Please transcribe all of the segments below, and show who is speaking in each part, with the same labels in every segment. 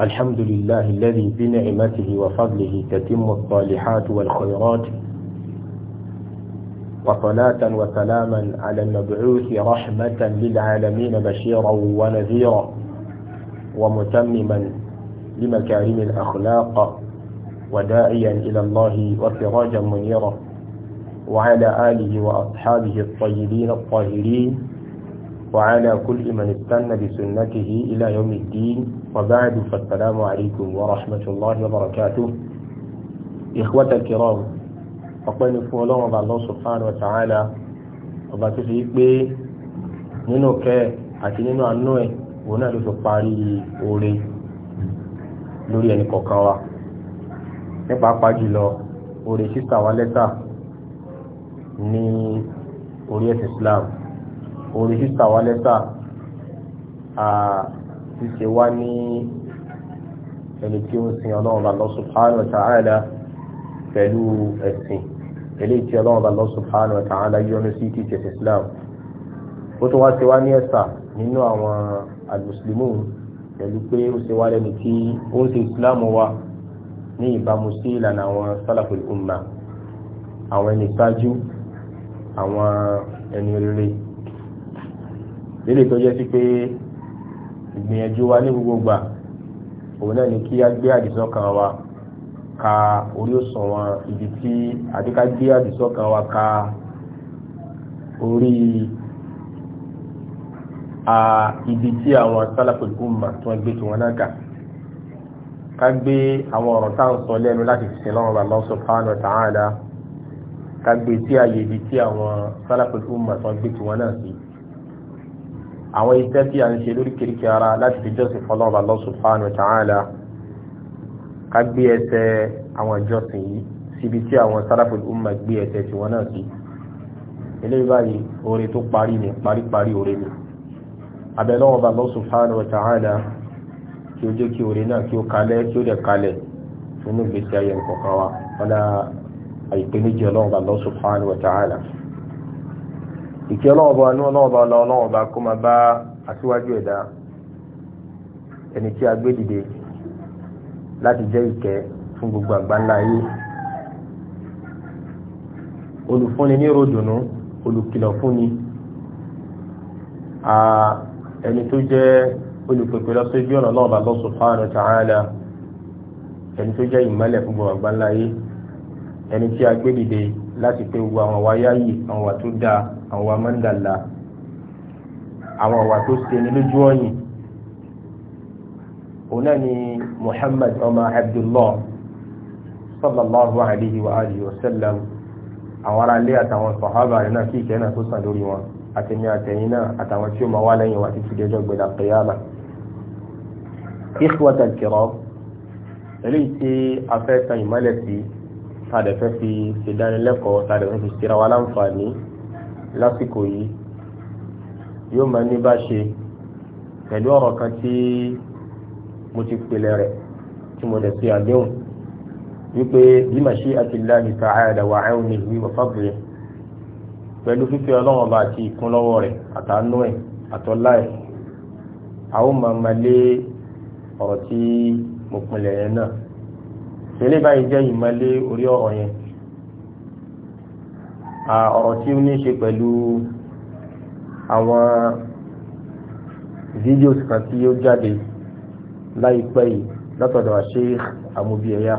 Speaker 1: الحمد لله الذي بنعمته وفضله تتم الصالحات والخيرات وصلاة وسلاما على المبعوث رحمة للعالمين بشيرا ونذيرا ومتمما لمكارم الأخلاق وداعيا إلى الله وسراجا منيرا وعلى آله وأصحابه الطيبين الطاهرين وعلى كل من استنى بسنته إلى يوم الدين وبعد فالسلام عليكم ورحمة الله وبركاته إخوة الكرام أقول فو الله الله سبحانه وتعالى ọba tó fi pé nínú kẹ àti nínú àánú ẹ òun náà ló fi parí oore lórí ẹnì kọ̀ọ̀kan wa nípa pàjùlọ oore sísà wa lẹ́tà ní orí ẹ̀sìn Islam orí sísà wa lẹ́tà ṣíṣe wá ní ẹni tí ó ń sin ọlọ́run Allah subhanahu wa ta'ala pẹ̀lú ẹ̀sìn eléyìí tí ọlọ́run Allah subhanahu wa ta'ala yọ́nú sí ti ṣe islam ó tún wá ṣe wá ní ẹ̀sà nínú àwọn al pẹ̀lú pé ó ṣe wá lẹ́ni tí ó ń ṣe islam wa ní ìbámu sí ìlànà àwọn salaful umma àwọn ẹni ṣáájú àwọn ẹni rere lélẹ̀ tó jẹ́ sí pé ìgbìyànjú wa ní gbogbo òun náà ni kí á gbé àdìsọ́kàn wa ka orí òṣùwọ̀n ibi tí àdíká gbé àdìsọ́kàn wa ka orí a ibi tí àwọn sálàpẹ̀lú ọmọ tí wọ́n gbé tí wọ́n náà kà ká gbé àwọn ọ̀rọ̀ táwọn sọ lẹ́nu láti fi sin lọ́rùn Allah subhanahu wa ta'ala ká gbé tí àyè ibi tí àwọn sálàpẹ̀lú ọmọ tí wọ́n gbé tí wọ́n náà sí àwọn iṣẹ́ tí a ń ṣe lóríkèríkè ara láti fi jọ́sìn fọlọ́ọ̀bà Allah subhanahu wa ta'ala ká gbé ẹsẹ̀ àwọn ìjọsìn yìí síbi tí àwọn sáràfù umma gbé ẹsẹ̀ tiwọn náà sí eléyìí báyìí oore tó parí ni paríparí oore ni abẹ́lọ́wọ́n bá Allah subhanahu wa ta'ala kí ó jẹ́ kí oore náà kí ó kalẹ̀ kí ó dẹ̀ kalẹ̀ nínú ìgbésí ayé nǹkan kan wa wọn náà àìpé méjì ọlọ́run bá Allah ìkẹ́ ọlọ́ọ̀bọ anú ọlọ́ọ̀bọ ọlọ́ọ̀bọ kó máa bá aṣíwájú ẹ̀dá ẹni tí a gbé dìde láti jẹ́ ìkẹ́ fún gbogbo àgbáńlá ayé olùfúnni ní ròdùnú olùkìlọ̀ fúnni ẹni tó jẹ́ olùpèpè lọ́sọ́jú ọ̀nà náà Allah subhanahu wa ẹni tó jẹ́ ìmọ́lẹ̀ fún gbogbo àgbáńlá ayé ẹni tí a gbé dìde láti pé gbogbo àwọn àwọn wà tó dáa àwọn wa máa ń dàlà àwọn àwa tó ṣe ní lójú ọ̀yìn òun náà ni Muhammad ọmọ Abdullah sallallahu alayhi wa alihi wa sallam àwọn ará ilé àtàwọn sọ̀hábà rẹ̀ náà kí ìkẹ́ náà tó sàn lórí wọn àtẹ̀mí àtẹ̀yìn náà àtàwọn tí ó máa wá lẹ́yìn wa ti fi dẹjọ́ gbẹ̀dà qiyama. ikhwata al-kiram eléyìí tí a tàdẹ̀fẹ́ fi ṣèdánilẹ́kọ̀ọ́ tàdẹ̀fẹ́ fi ṣera wa láǹfààní lásìkò yìí yóò máa ní bá ṣe pẹ̀lú ọ̀rọ̀ kan tí mo ti pilẹ̀ rẹ̀ tí mo dẹ̀ ṣe àdéhùn wípé bí mashi'atillahi ta'ala wa 'awnihi wa fadlihi pẹ̀lú fífẹ́ ọlọ́run ọba àti ìkúnlọ́wọ́ rẹ̀ àtàánú ẹ̀ àtọ́lá ẹ̀ a ó máa máa lé ọ̀rọ̀ tí mo pinlẹ̀ yẹn náà tẹ́lẹ̀ báyìí jẹ́ ìmọ̀lé orí ọ̀rọ̀ yẹn ọ̀rọ̀ tí ó ní ṣe pẹ̀lú àwọn fídíòs kan tí ó jáde láìpẹ́ yìí látọ̀dọ̀ Sheikh Amubiyaya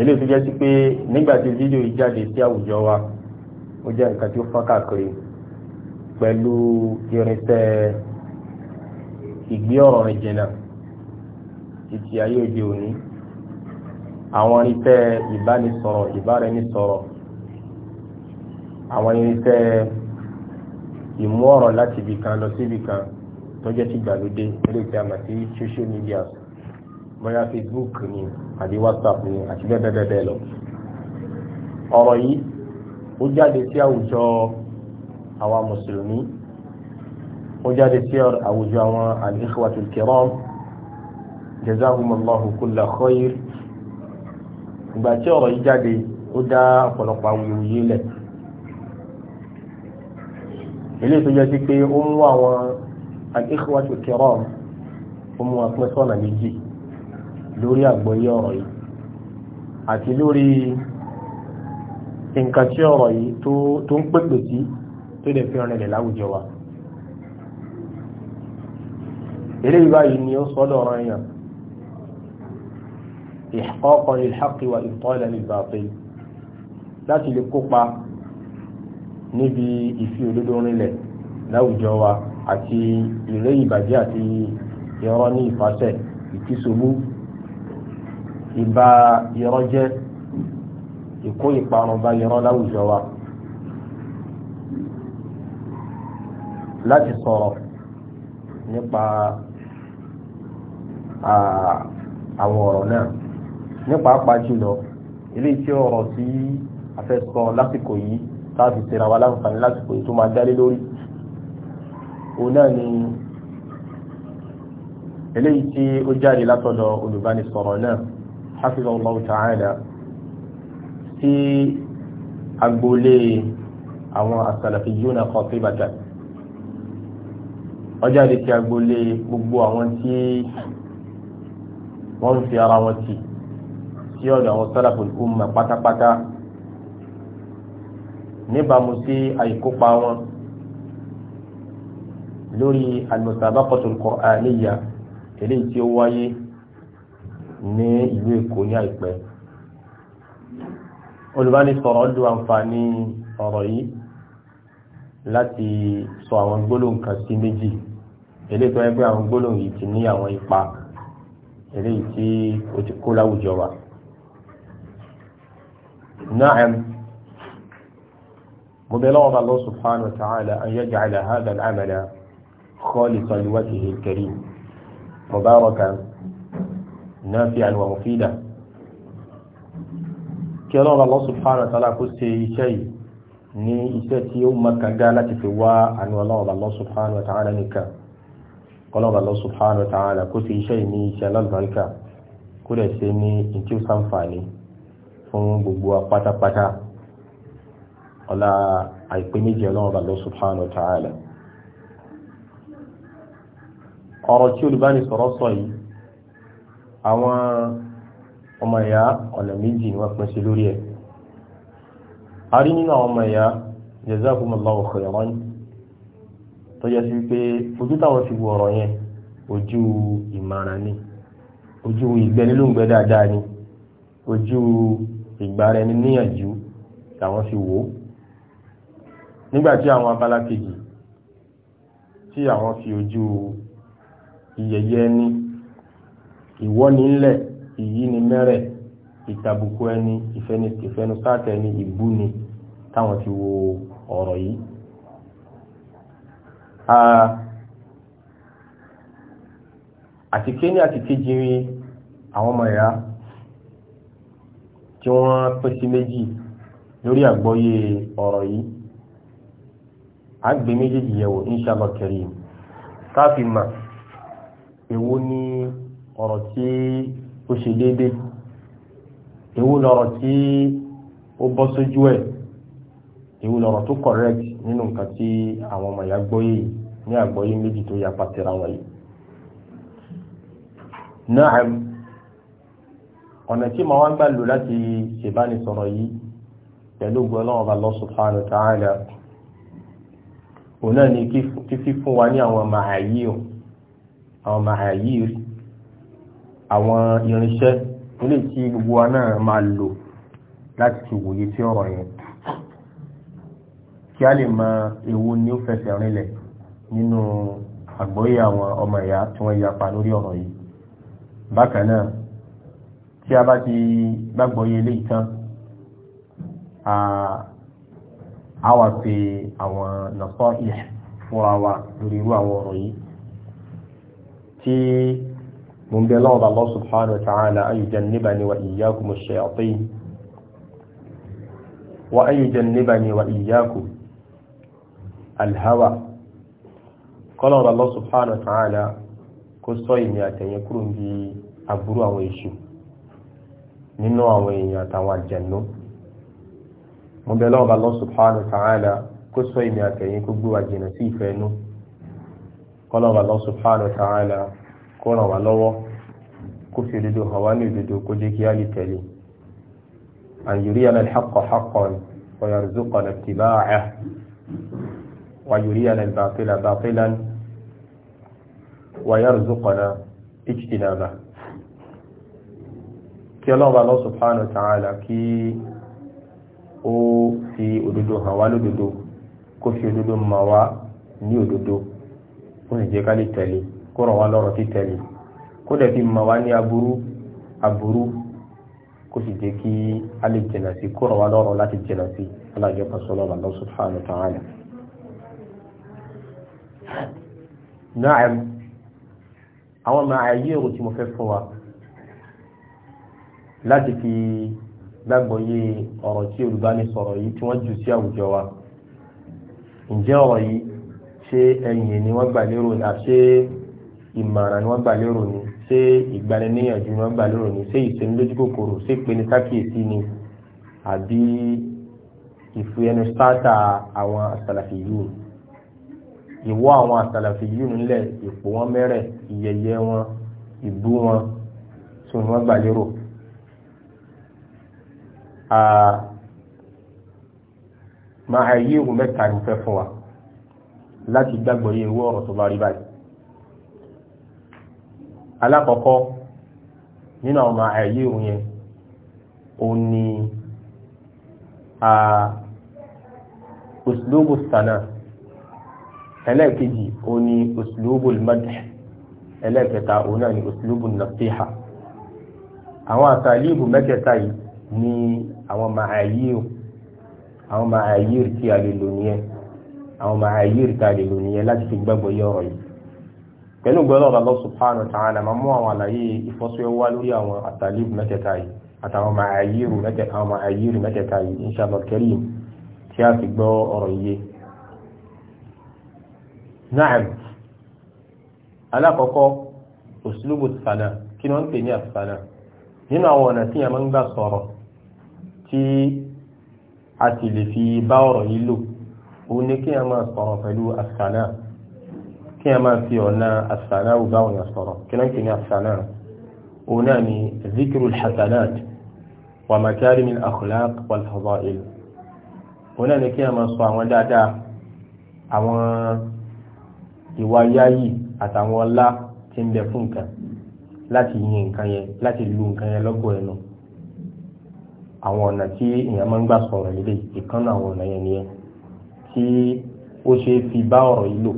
Speaker 1: eléyìí tó jẹ́ sí pé nígbà tí fídíò yìí jáde sí àwùjọ wa ó jẹ́ nǹkan tí ó fọ́n káàkiri pẹ̀lú irinṣẹ́ ìgbé ọ̀rọ̀ ìjìnà títí ayé òde òní àwọn irinṣẹ́ ìbánisọ̀rọ̀ ìbáraẹnisọ̀rọ̀ àwọn irinṣẹ́ ìmú ọ̀rọ̀ láti ibì kan lọ sí ibì kan tó jẹ́ ti gbàlódé eré tí a mọ̀ sí social media bóyá facebook ni àbí whatsapp ni àti bẹ́ẹ̀ bẹ́ẹ̀ bẹ́ẹ̀ lọ ọ̀rọ̀ yìí ó jáde sí àwùjọ àwa mùsùlùmí ó jáde sí àwùjọ àwọn al-ikhwatul kiram jazakumullahu kulla khair ìgbà tí ọ̀rọ̀ yìí jáde ó dá ọ̀pọ̀lọpọ̀ awuyewuye lẹ̀ eléyìí tó jẹ́ sí pé ó mú àwọn al-ikhwatu kiram ó mú apẹ́ sọ́nà méjì lórí àgbọ́yé ọ̀rọ̀ yìí àti lórí nǹkan tí ọ̀rọ̀ yìí tó ń pèpè sí tó lè fi rìnlẹ̀ láwùjọ wa eléyìí báyìí ni ó sọ́dọ̀ ọ̀rọ̀ yẹn ihqaqan lil haqqi wa ibtalan lil batil láti lè kópa níbi ìfi òdodo rinlẹ̀ láwùjọ wa àti ìré ìbàjẹ́ àti irọ́ ní ìfàṣẹ ìkísobú ìbá irọ́ jẹ́ ìkó ìparun bá irọ́ láwùjọ wa láti sọ̀rọ̀ nípa àwọn ọ̀rọ̀ náà nípa apá jùlọ ilé tí ọ̀rọ̀ tí a fẹ́ sọ lásìkò yìí táàbì tẹ̀ra wa láǹfààní lásìkò yìí tó máa dálé lórí òun náà ni eléyìí tí ó jáde látọ̀dọ̀ olùbánisọ̀rọ̀ náà hafizallahu ta'ala tí agboolé àwọn as-salafiyuna qatibatan ó jáde tí agboolé gbogbo àwọn tí wọ́n ń fi ara wọn tì sí ọ̀dọ̀ àwọn salaful umma pátápátá níbàámu sí àìkópa wọn lórí al-musabaqatul Qur'aniyya eléyìí tí ó wáyé ní ìlú Èkó ní àìpẹ́ olùbánisọ̀rọ̀ lu àǹfààní ọ̀rọ̀ yìí láti sọ àwọn gbólóhùn kan sí méjì eléyìí tó yẹ pé àwọn gbólóhùn yìí ti ní àwọn ipa eléyìí tí ó ti kó láwùjọ wa. نعم، mo الله سبحانه وتعالى أن يجعل هذا العمل yaj'ala hadha الكريم، amala نافعا ومفيدا. wajhihi الله سبحانه وتعالى nafi'an wa mufidan kí ọlọ́run Allah subhanahu wa ta'ala kó ṣe iṣẹ́ yìí ní iṣẹ́ tí ó mọ kàga láti fi wá àánú ọlọ́run Allah subhanahu nìkan ọlọ́run Allah subhanahu kó ṣe iṣẹ́ yìí iṣẹ́ lálùbáríkà kó dẹ̀ ṣe ní ìtí ó sàǹfààní fún gbogbo apátápátá ọlá àìpé méjì ọlọ́run bá lọ subhanahu wa ta'ala ọ̀rọ̀ tí olùbánisọ̀rọ̀ sọ yìí àwọn ọmọ ẹ̀yà ọ̀nà méjì ni wọ́n pín sí lórí ẹ̀ a rí nínú àwọn ọmọ ẹ̀yà jazakumullahu khairan tó yẹ sí pé ojú táwọn fi wo ọ̀rọ̀ yẹn ojú ìmọ̀ràn ni ojú ìgbẹ́nilóǹgbẹ́ dáadáa ni ojú ìgbà ni ní níyànjú làwọn fi wò ó nígbà tí àwọn abala kejì tí àwọn fi ojú ìyẹyẹ ẹni ìwọ́ni ńlẹ̀ ìyí ni mẹ́rẹ̀ ìtàbùkù ẹni ìfẹnusáàtẹ̀ ẹni ìbú ni táwọn ti wo ọ̀rọ̀ yìí àti kéní àti kejì àwọn ọmọ ìyá tí wọ́n pín sí méjì lórí àgbọ́yé ọ̀rọ̀ yìí àgbẹ̀ méjèèjì yẹ̀wò inshallah karim káfí mà èwo ni ọ̀rọ̀ tí ó ṣe déédé èwo lọ̀rọ̀ tí ó bọ́ sójú ẹ̀ èwo lọ̀rọ̀ tó correct nínú nǹkan tí àwọn ọmọ ìyá gbọ́yé ní àgbọ́yé méjì tó yapa tẹ̀ra wọn yìí ọ̀nà tí màá wọ́n gbà lò láti ṣèbánisọ̀rọ̀ yìí pẹ̀lú ògùn ọlọ́run ọba Allah subhanahu wa ta'ala òun náà ni fífi fún wa ní àwọn màáyí o àwọn màáyí àwọn irinṣẹ́ ilé tí gbogbo wa náà máa lò láti fi wòye sí ọ̀rọ̀ yẹn kí a lè mọ ewu ní ó fẹsẹ̀ rinlẹ̀ nínú àgbọ́yé àwọn ọmọ ìyá tí wọ́n yapa lórí ọ̀rọ̀ yìí bákan náà tí a bá ti gbàgbọ́ yé eléyìí tán a wà pé àwọn nàfọ́ ilẹ̀ fúnra wa lórí irú àwọn ọ̀rọ̀ yìí tí mo ń bẹ lọ́wọ́ Allah subhanahu wa ta'ala an yujannibani wa iyyakum ash-shayatin wa an yujannibani wa iyyakum al-hawa kọ́lọ́wọ́ subhanahu wa ta'ala kó sọ ìmì àtẹ̀yẹ kúrò bí aburú àwọn èṣù nínú àwọn èèyàn àtàwọn àjẹ̀nú mo bẹ̀ lọ́wọ́ bá Allah subhanahu wa ta'ala kó sọ èmi àtẹ̀yìn kó gbé wa jìnnà sí ìfẹ́ inú kọ́lọ́ bá Allah subhanahu wa ta'ala kó ràn wá lọ́wọ́ kó fi òdodo hàn wá ní òdodo kó jẹ́ kí á lè tẹ̀lé an yuriyana al-haqqa haqqan wa yarzuqana ittiba'ah wa yuriyana al-batila batilan wa yarzuqana ijtinabah kí ọlọ́ọ̀bá Allah subhanahu wa ta'ala kí ó fi òdodo hàn wá lódodo kó fi òdodo mọ̀ wá ní òdodo ó sì jẹ́ ká lè tẹ̀lé kó ràn wá lọ́rọ̀ títẹ̀lé kó dẹ̀ fi mọ̀ wá ní aburú aburú kó sì jẹ́ kí a lè jìnà sí kó ràn wá lọ́rọ̀ láti jìnà sí alájọ pàṣọlọ́ọ̀bá Allah subhanahu wa ta'ala. Na'am àwọn màáyé èrò tí mo fẹ́ fún wa láti fi lágbọ́yé ọ̀rọ̀ tí olùbánisọ̀rọ̀ yìí tí wọ́n jù sí àwùjọ wa ǹjẹ́ ọ̀rọ̀ yìí ṣé ẹ̀yìn ni wọ́n gbà lérò ni àṣé ìmọ̀ràn ni wọ́n gbà lérò ni ṣé ìgbaniníyànjú ni wọ́n gbà lérò ni ṣé ìṣẹ́nilójú kòkòrò ṣé ìpinnu sákìyèsí ni àbí ìfúyẹnu sáàtà àwọn àsàlàfì yìí ìwọ àwọn àsàlàfì yìí nílẹ̀ ìpò wọn mẹ́rẹ̀ ìyẹyẹ wọn ìbú wọn tó ni wọ́n gbà lérò máa yí òun mẹ́ta ní fẹ́ fún wa láti gbàgbọ́ yé owó ọ̀rọ̀ tó bá rí báyìí alákọ̀ọ́kọ́ nínú àwọn máa yí òun yẹn òun ni òsìlóbù sànà ẹlẹ́ẹ̀kejì òun ni òsìlóbù lmadh ẹlẹ́ẹ̀kẹta òun náà ni òsìlóbù nàfíhà àwọn àtàlíbù mẹ́tẹ̀ẹ̀ta yìí ni àwọn màáyír àwọn màáyír tí a lè lò nìyẹn àwọn màáyír tí a lè lò nìyẹn láti fi gbàgbọ́ yẹ ọ̀rọ̀ yìí pẹ̀lú gbọ́dọ̀ Allah subhanahu wa ta'ala máa mú àwọn àlàyé ìfọ́síwẹ́wá lórí àwọn àtàlíb mẹ́tẹ̀ẹ̀ta yìí àtàwọn màáyír mẹ́tẹ̀ẹ̀ta yìí inshallah karim tí a fi gbọ́ ọ̀rọ̀ yìí naam alakoko uslubu sana kí ni wọ́n ń pè ní àfààná nínú àwọn ọ̀nà tí yẹn máa ń gbà sọ̀rọ̀ tí a sì lè fi bá ọ̀rọ̀ yìí lò òun ni kí a máa sọ̀rọ̀ pẹ̀lú àṣànà kí a máa fi ọ̀nà àṣànà ò bá òyìn sọ̀rọ̀ kí náà kì ní àṣànà òun náà ni zikiru hasanat wa makari min akhlaq wal fadail òun náà ni kí a máa sọ àwọn dáadáa àwọn ìwà yáyì àtàwọn ọlá tí ń bẹ fún nǹkan láti yin nǹkan yẹn láti lu nǹkan yẹn lọ́gọ̀ọ́ ẹnu. No àwọn ọ̀nà tí èèyàn máa ń gbà sọ̀rọ̀ lílé ìkan náà àwọn ọ̀nà yẹn nìyẹn tí ó ṣe fi bá ọ̀rọ̀ yìí lò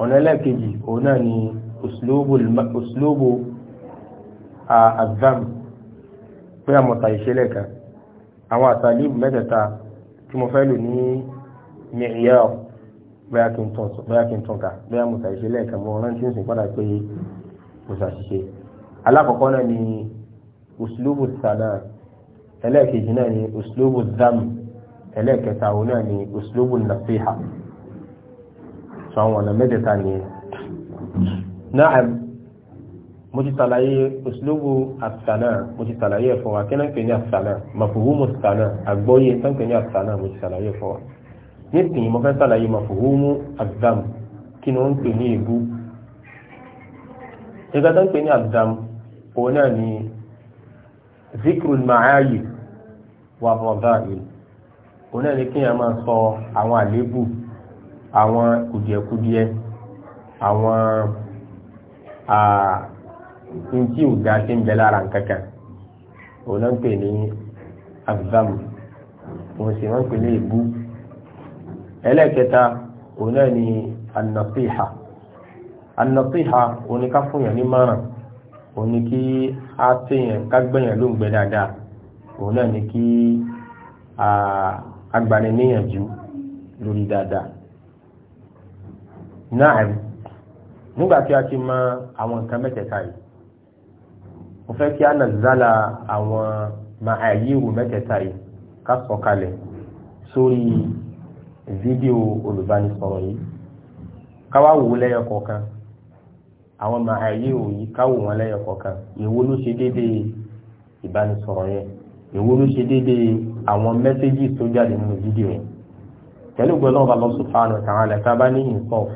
Speaker 1: ọ̀nà ẹlẹ́ẹ̀kejì òun náà ni òṣìlóbù àgbàm pé àmọ̀tà ìṣẹ̀lẹ̀ kan àwọn àtàlíbù mẹ́tẹ̀ẹ̀ta tí mo fẹ́ lò ní mìíyàwó bóyá kí n tàn ká bóyá mo ṣàṣìṣe mo rántí ń sìn padà pé mo ṣàṣìṣe alákọ̀ọ́kọ́ náà ni uslubu sana ẹlẹ́ẹ̀kejì náà ni uslubu zam ẹlẹ́ẹ̀kẹta òun náà ni uslubu nasiha sọ àwọn ọ̀nà mẹ́tẹ̀ẹ̀ta nìyẹn. náà mo ti ṣàlàyé uslubu asana mo ti ṣàlàyé ẹ̀ fún wa kí náà ń pè ní asana mafuhumu sana àgbọ́yé tó ń pè ní asana mo ti ṣàlàyé ẹ̀ fún wa. nísìnyí mo fẹ́ ṣàlàyé mafuhumu azam kí ni wọ́n ń pè ní ègún. ìgbà tó ń pè ní azam òun náà ni zikru ma'ayi wa bọ̀dáyì òun náà ni kí èèyàn máa sọ àwọn àléébù àwọn kùdìẹ̀kudiẹ àwọn ntí ò dáa sí ń bẹ lára nǹkankan òun náà ń pè ní azamu òun sì máa ń pè ní èébú ẹlẹ́ẹ̀kẹta òun náà ni anasiha anasiha òun ni ká fún yàn ní márùn-ún òun ni kí a tẹ̀yàn kágbẹ̀yàn ló ń gbẹ dáadáa òun náà ni kí agbani níyànjú lórí dáadáa. náà nígbà tí a ti mọ àwọn nǹkan mẹ́tẹ̀ẹ̀ta yìí mo fẹ́ kí a nà zálà àwọn màáyíwò mẹ́tẹ̀ẹ̀ta yìí ká sọ kalẹ̀ sórí fídíò olùbánisọ̀rọ̀ yìí ká wá wò lẹ́yọ kọ̀ọ̀kan àwọn ọmọ ayé òyì káwò wọn lẹ́yọ kọ̀ọ̀kan èwo ló ṣe déédéé ìbánisọ̀rọ̀ yẹn èwo ló ṣe déédéé àwọn mẹ́sẹ́gì tó jáde nínú fídíò yẹn pẹ̀lú gbọ́dọ̀ ọba lọ subhanahu wa ta'ala tá a bá ní ìǹkọ́f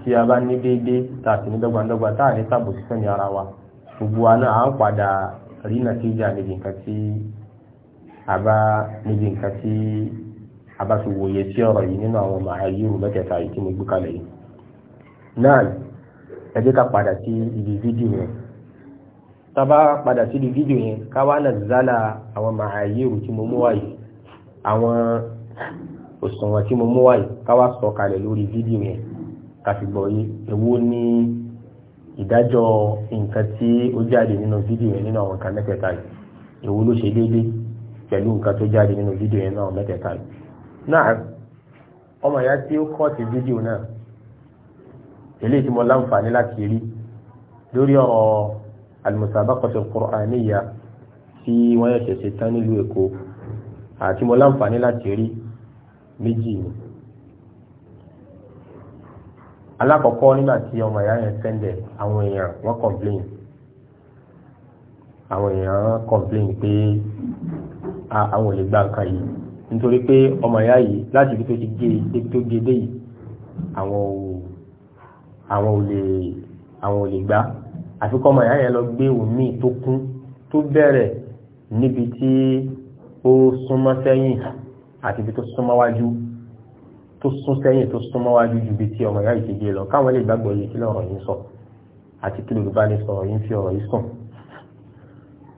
Speaker 1: tí a bá ní déédéé tá a sì ní dọ́gbandọ́gba tá a ní tàbùsí fẹ́mi ara wa gbogbo wa náà à ń padà rí nàtíjà níbi nǹkan tí a bá níbi nǹkan tí a bá fi wòye sí ọ̀rọ̀ yìí nínú àwọn ọmọ ayé òmẹ́tẹ̀ẹ̀ta yìí tí mo gbé kalẹ̀ yìí náà ẹ jẹ́ ká padà sí ibi fídíò yẹn tábà padà sí ibi fídíò yẹn ká wá nà zálà àwọn màáyéèrú tí mo mú wáyé àwọn òṣùwọ̀n tí mo mú wáyé ká wá sọ kalẹ̀ lórí fídíò yẹn ká fi gbọ́ yé èwo ní ìdájọ́ nǹkan tí ó jáde nínú fídíò yẹn nínú àwọn nǹkan mẹ́tẹ̀ẹ̀ta yìí èwo ló ṣe déédéé pẹ̀lú nǹkan tó jáde nínú fídíò yẹn náà mẹ́tẹ̀ẹ̀ta yìí náà ọmọ ìyá tí ó kọ́ ti fídíò náà eléyìí tí mo láǹfààní láti rí lórí ọ̀rọ̀ alimusabakọsọ kùránìyà tí wọ́n yẹ ṣẹ̀ṣẹ̀ tán nílùú èkó àti mo láǹfààní láti rí méjì ni alákọ̀ọ́kọ́ nígbà tí ọmọ ìyá yẹn sẹ́ndẹ̀ àwọn èèyàn wọ́n complain àwọn èèyàn complain pé àwọn ò lè gba nǹkan yìí nítorí pé ọmọ ìyá yìí láti ibi tó ti gé e tó gé e dé yìí àwọn ò àwọn ò lè àwọn ò lè gbá àfikọ́ ọmọ ìyá yẹn lọ gbé omi tó kún tó bẹ̀rẹ̀ níbi tí ó súnmọ́ sẹ́yìn àti ibi tó súnmọ́ wájú tó sún sẹ́yìn tó súnmọ́ wájú ju ibi tí ọmọ ìyá yìí ti gbé lọ káwọn lè gbàgbọ́ yìí kí lọ́rọ̀ yìí sọ àti kí lóògbé bá ní sọ̀rọ̀ yìí fi ọ̀rọ̀ yìí sùn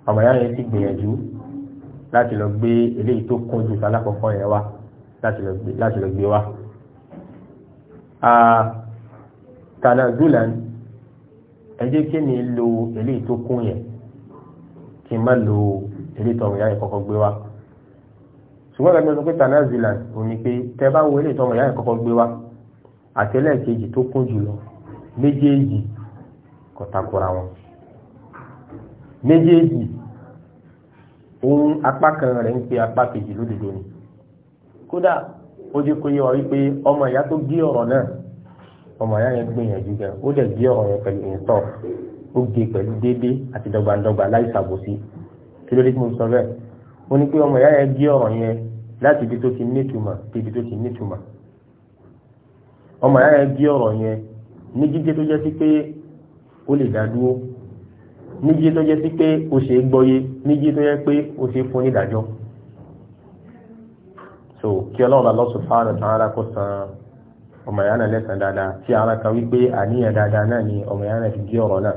Speaker 1: ọmọ ìyá yẹn ti gbìyànjú láti lọ gbé eléyìí tó kún ju alákọ̀ọ́kọ́ yẹn wá láti lọ gbé wá. Ah, tanazulan ẹ jẹ́ kí ni lo eléyìí tó kún yẹn kí n má lo eléyìí tọ̀hún yá yẹn kọ́kọ́ gbé wa ṣùgbọ́n ìgbà tí wọ́n sọ pé tanazulan ò ní pé tẹ bá wo eléyìí tọ̀hún yá yẹn kọ́kọ́ gbé wa àtẹlẹ́ẹ̀kejì tó kún jùlọ méjèèjì kò takora wọn méjèèjì ohun apá kan rẹ̀ ń pe apá kejì lódodo ni kódà ó jẹ́ kó yé wa wípé ọmọ ìyá tó gé ọ̀rọ̀ náà ọmọ ayá yẹn gbìyànjú gẹ ó dẹ̀ gbé ọ̀rọ̀ yẹn pẹ̀lú ìtọ́ ó gbé pẹ̀lú déédé àti dọ́gbandọ́gba láì ṣàbòsí kí ló dé tí mo sọ bẹ́ẹ̀ ó ní pé ọmọ ayá yẹn gbé ọ̀rọ̀ yẹn láti ibi tó ti nítumọ̀ dé ibi tó ti nítumọ̀ ọmọ ayá yẹn gbé ọ̀rọ̀ yẹn ní jíjẹ́ tó jẹ́ sí pé ó lè dá dúró ní jíjẹ́ tó jẹ́ sí pé ó ṣe é gbọ́yé ní jíjẹ́ tó jẹ́ pé ó ṣe é fún onídàájọ́ so kí ọlọ́run Allah subhanahu wa ta'ala kó ọmọ ìyá náà lẹ́sàn dáadáa tí ara kan wípé àníyàn dáadáa náà ni ọmọ ìyá náà fi gé ọ̀rọ̀ náà.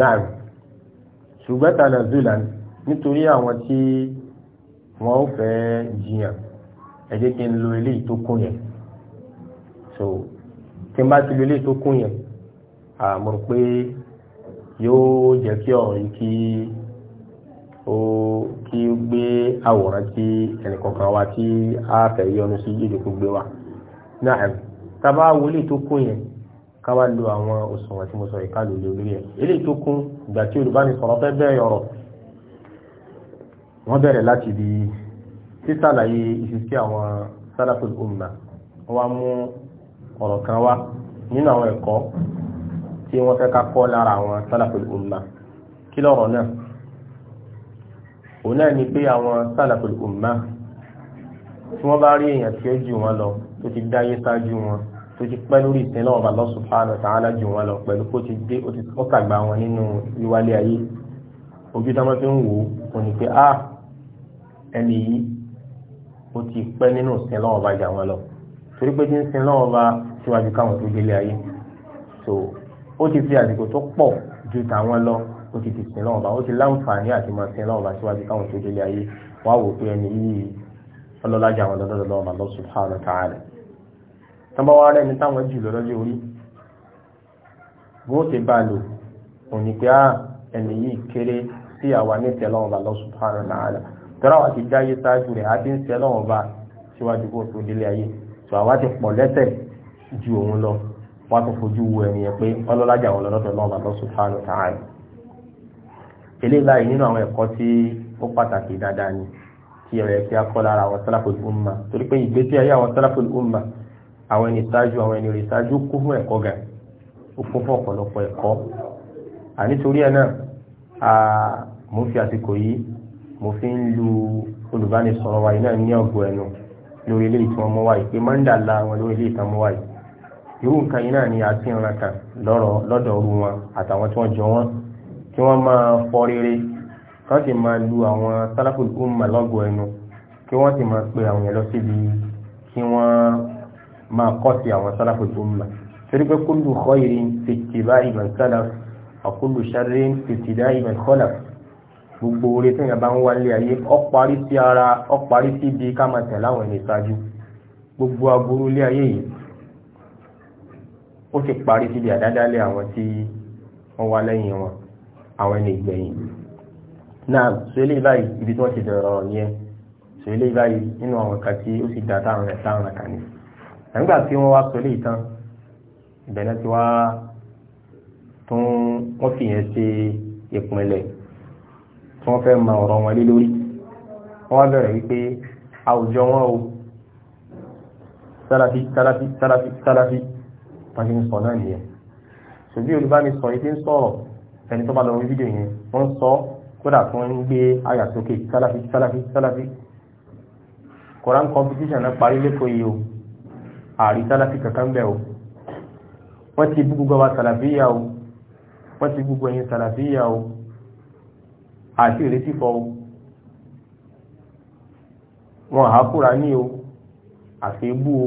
Speaker 1: náà ṣùgbọ́n tànà zulan nítorí àwọn tí wọ́n ò fẹ́ jiyàn ẹ jẹ́ kí n lo eléyìí tó kún yẹn so tí n bá ti lo eléyìí tó kún yẹn àmọ́ pé yóò jẹ́ kí ọ̀rọ̀ yìí kí ó kí ó gbé àwòrán tí ẹnìkọ̀ọ̀kan wa tí a fẹ́ yọnu sí yìí ló gbé wa náà tábà wọlé tó kún yẹn ká wá lo àwọn òṣùwọ̀n tí mo sọ yìí ká lò lé olórí ẹ̀ eléyìí tó kún ìgbà tí olùbánisọ̀rọ̀ fẹ́ bẹ́ẹ̀ ọ̀rọ̀ wọ́n bẹ̀rẹ̀ láti ibi sísàlàyé ìṣesí àwọn sálàfù ummah wọ́n á mú ọ̀rọ̀ kan wá nínú àwọn ẹ̀kọ́ tí wọ́n fẹ́ ká kọ́ lára àwọn sálàfù ummah kí lọ́rọ̀ náà òun náà ni pé àwọn sálàfù ummah tí wọ́n bá rí èèyàn tí ó jù wọn lọ tó ti dáyé ṣáájú wọn tó ti pẹ́ lórí ìsìn náà ọba Allah subhanahu wa ta'ala jù wọn lọ pẹ̀lú kó ti dé ó kàgbà wọn nínú ìwálé ayé ojú tá a máa fi ń wò ó kò ní pé ah ẹni yìí ó ti pẹ́ nínú ìsìn ọba jà wọn lọ torí pé tí ń sin ọba síwájú káwọn tó délé ayé so ó ti fi àsìkò tó pọ̀ ju tàwọn lọ ó ti ti sin náà ọba ó ti láǹfààní àti máa sin náà ọba síwájú káwọn tó délé ayé wàá wò pé ẹni yìí ọlọ́lájà wọn lọ́dọ́dọ́ lọ́wọ́ Allah subhanahu wa ta'ala tọ́bá wá rẹ̀ ní táwọn jù lọ lọ́jọ́ orí bó ṣe bá lò òní pé á ah, ẹni yìí kéré sí àwa ní tẹ́lọ́wọ̀n bá Allah subhanahu wa ta'ala tọ́ra wa ti dáyé sáájú rẹ̀ á ti ń tẹ́lọ́wọ̀n bá síwájú kó tó délé ayé tó àwa ti pọ̀ lẹ́sẹ̀ ju òun lọ wọ́n tó fojú wo ẹni yẹn pé ọlọ́lájà wọn lọ́dọ̀ náà bá Allah subhanahu wa eléyìí báyìí nínú àwọn ẹ̀kọ́ tí ó pàtàkì dáadáa ni tí ẹ̀rọ ẹ̀kí akọ́ lára àwọn salaful umma torí pé ìgbésí ayé àwọn salaful umma àwọn ẹni ṣáájú àwọn ẹni rè ṣáájú kún fún ẹ̀kọ́ gan ó kún fún ọ̀pọ̀lọpọ̀ ẹ̀kọ́ ànítorí ẹ̀ náà mo fi àsìkò yìí mo fi ń lu olùbánisọ̀rọ̀ wa náà ní ọ̀gbọ̀ ẹnu lórí ilé ìtumọ̀ mọ́ wáyé pé máa ń dà wọn lórí ilé ìtumọ̀ wáyé irú nǹkan yìí náà ni a ti ràn kàn lọ́rọ̀ lọ́dọ̀ ọ̀rù wọn àtàwọn tí wọ́n jọ wọn kí wọ́n máa fọ rere kán sì máa lu àwọn sálàfù umma lọ́gọ̀ ẹnu kí wọ́n sì máa pe àwọn yẹn lọ síbi kí wọ́n máa kọ́ sí àwọn sálàfù tó ń mà torí pé kúlù khairin fi ittiba'i man salaf àkúlù sharrin fi ibtida'i man khalaf gbogbo orí tí ìyàbá ń wálé ayé ọparí sí ara ọparí sí ibi ká máa tẹ̀lé àwọn ẹni ṣáájú gbogbo aburú ilé ayé yìí ó ti parí síbi àdádálẹ̀ àwọn tí wọ́n wá lẹ́yìn wọn àwọn ẹni ìgbẹ̀yìn náà sọ báyìí ibi tí wọ́n ti dọ̀rọ̀ yẹn sọ báyìí nínú àwọn kan ó sì dá táwọn ẹ̀ táwọn kan nígbà tí wọ́n wá sọ lé ìtàn ìbẹ̀rẹ̀ tí wá tún wọ́n fi yẹn ṣe ìpínlẹ̀ tí wọ́n fẹ́ mọ ọ̀rọ̀ wọn lé lórí wọ́n wá bẹ̀rẹ̀ wípé àwùjọ wọn o sálàfí sálàfí sálàfí sálàfí wọ́n ti ń sọ náà nìyẹn ṣòbí olùbánisọ yìí ti ń sọ̀rọ̀ ẹni tó bá lọ rí fídíò yẹn wọ́n sọ kódà tí ń gbé àyà sókè sálàfí sálàfí sálàfí Quran competition náà parí lẹ́kọ̀ọ́ yìí o àrí sálàfí kankan bẹ̀ o wọ́n ti bú gbogbo wa sàlàfíyà o wọ́n ti gbogbo ẹ̀yin sàlàfíyà o àti ìrètí fọ o wọn àá ní o àfi bú o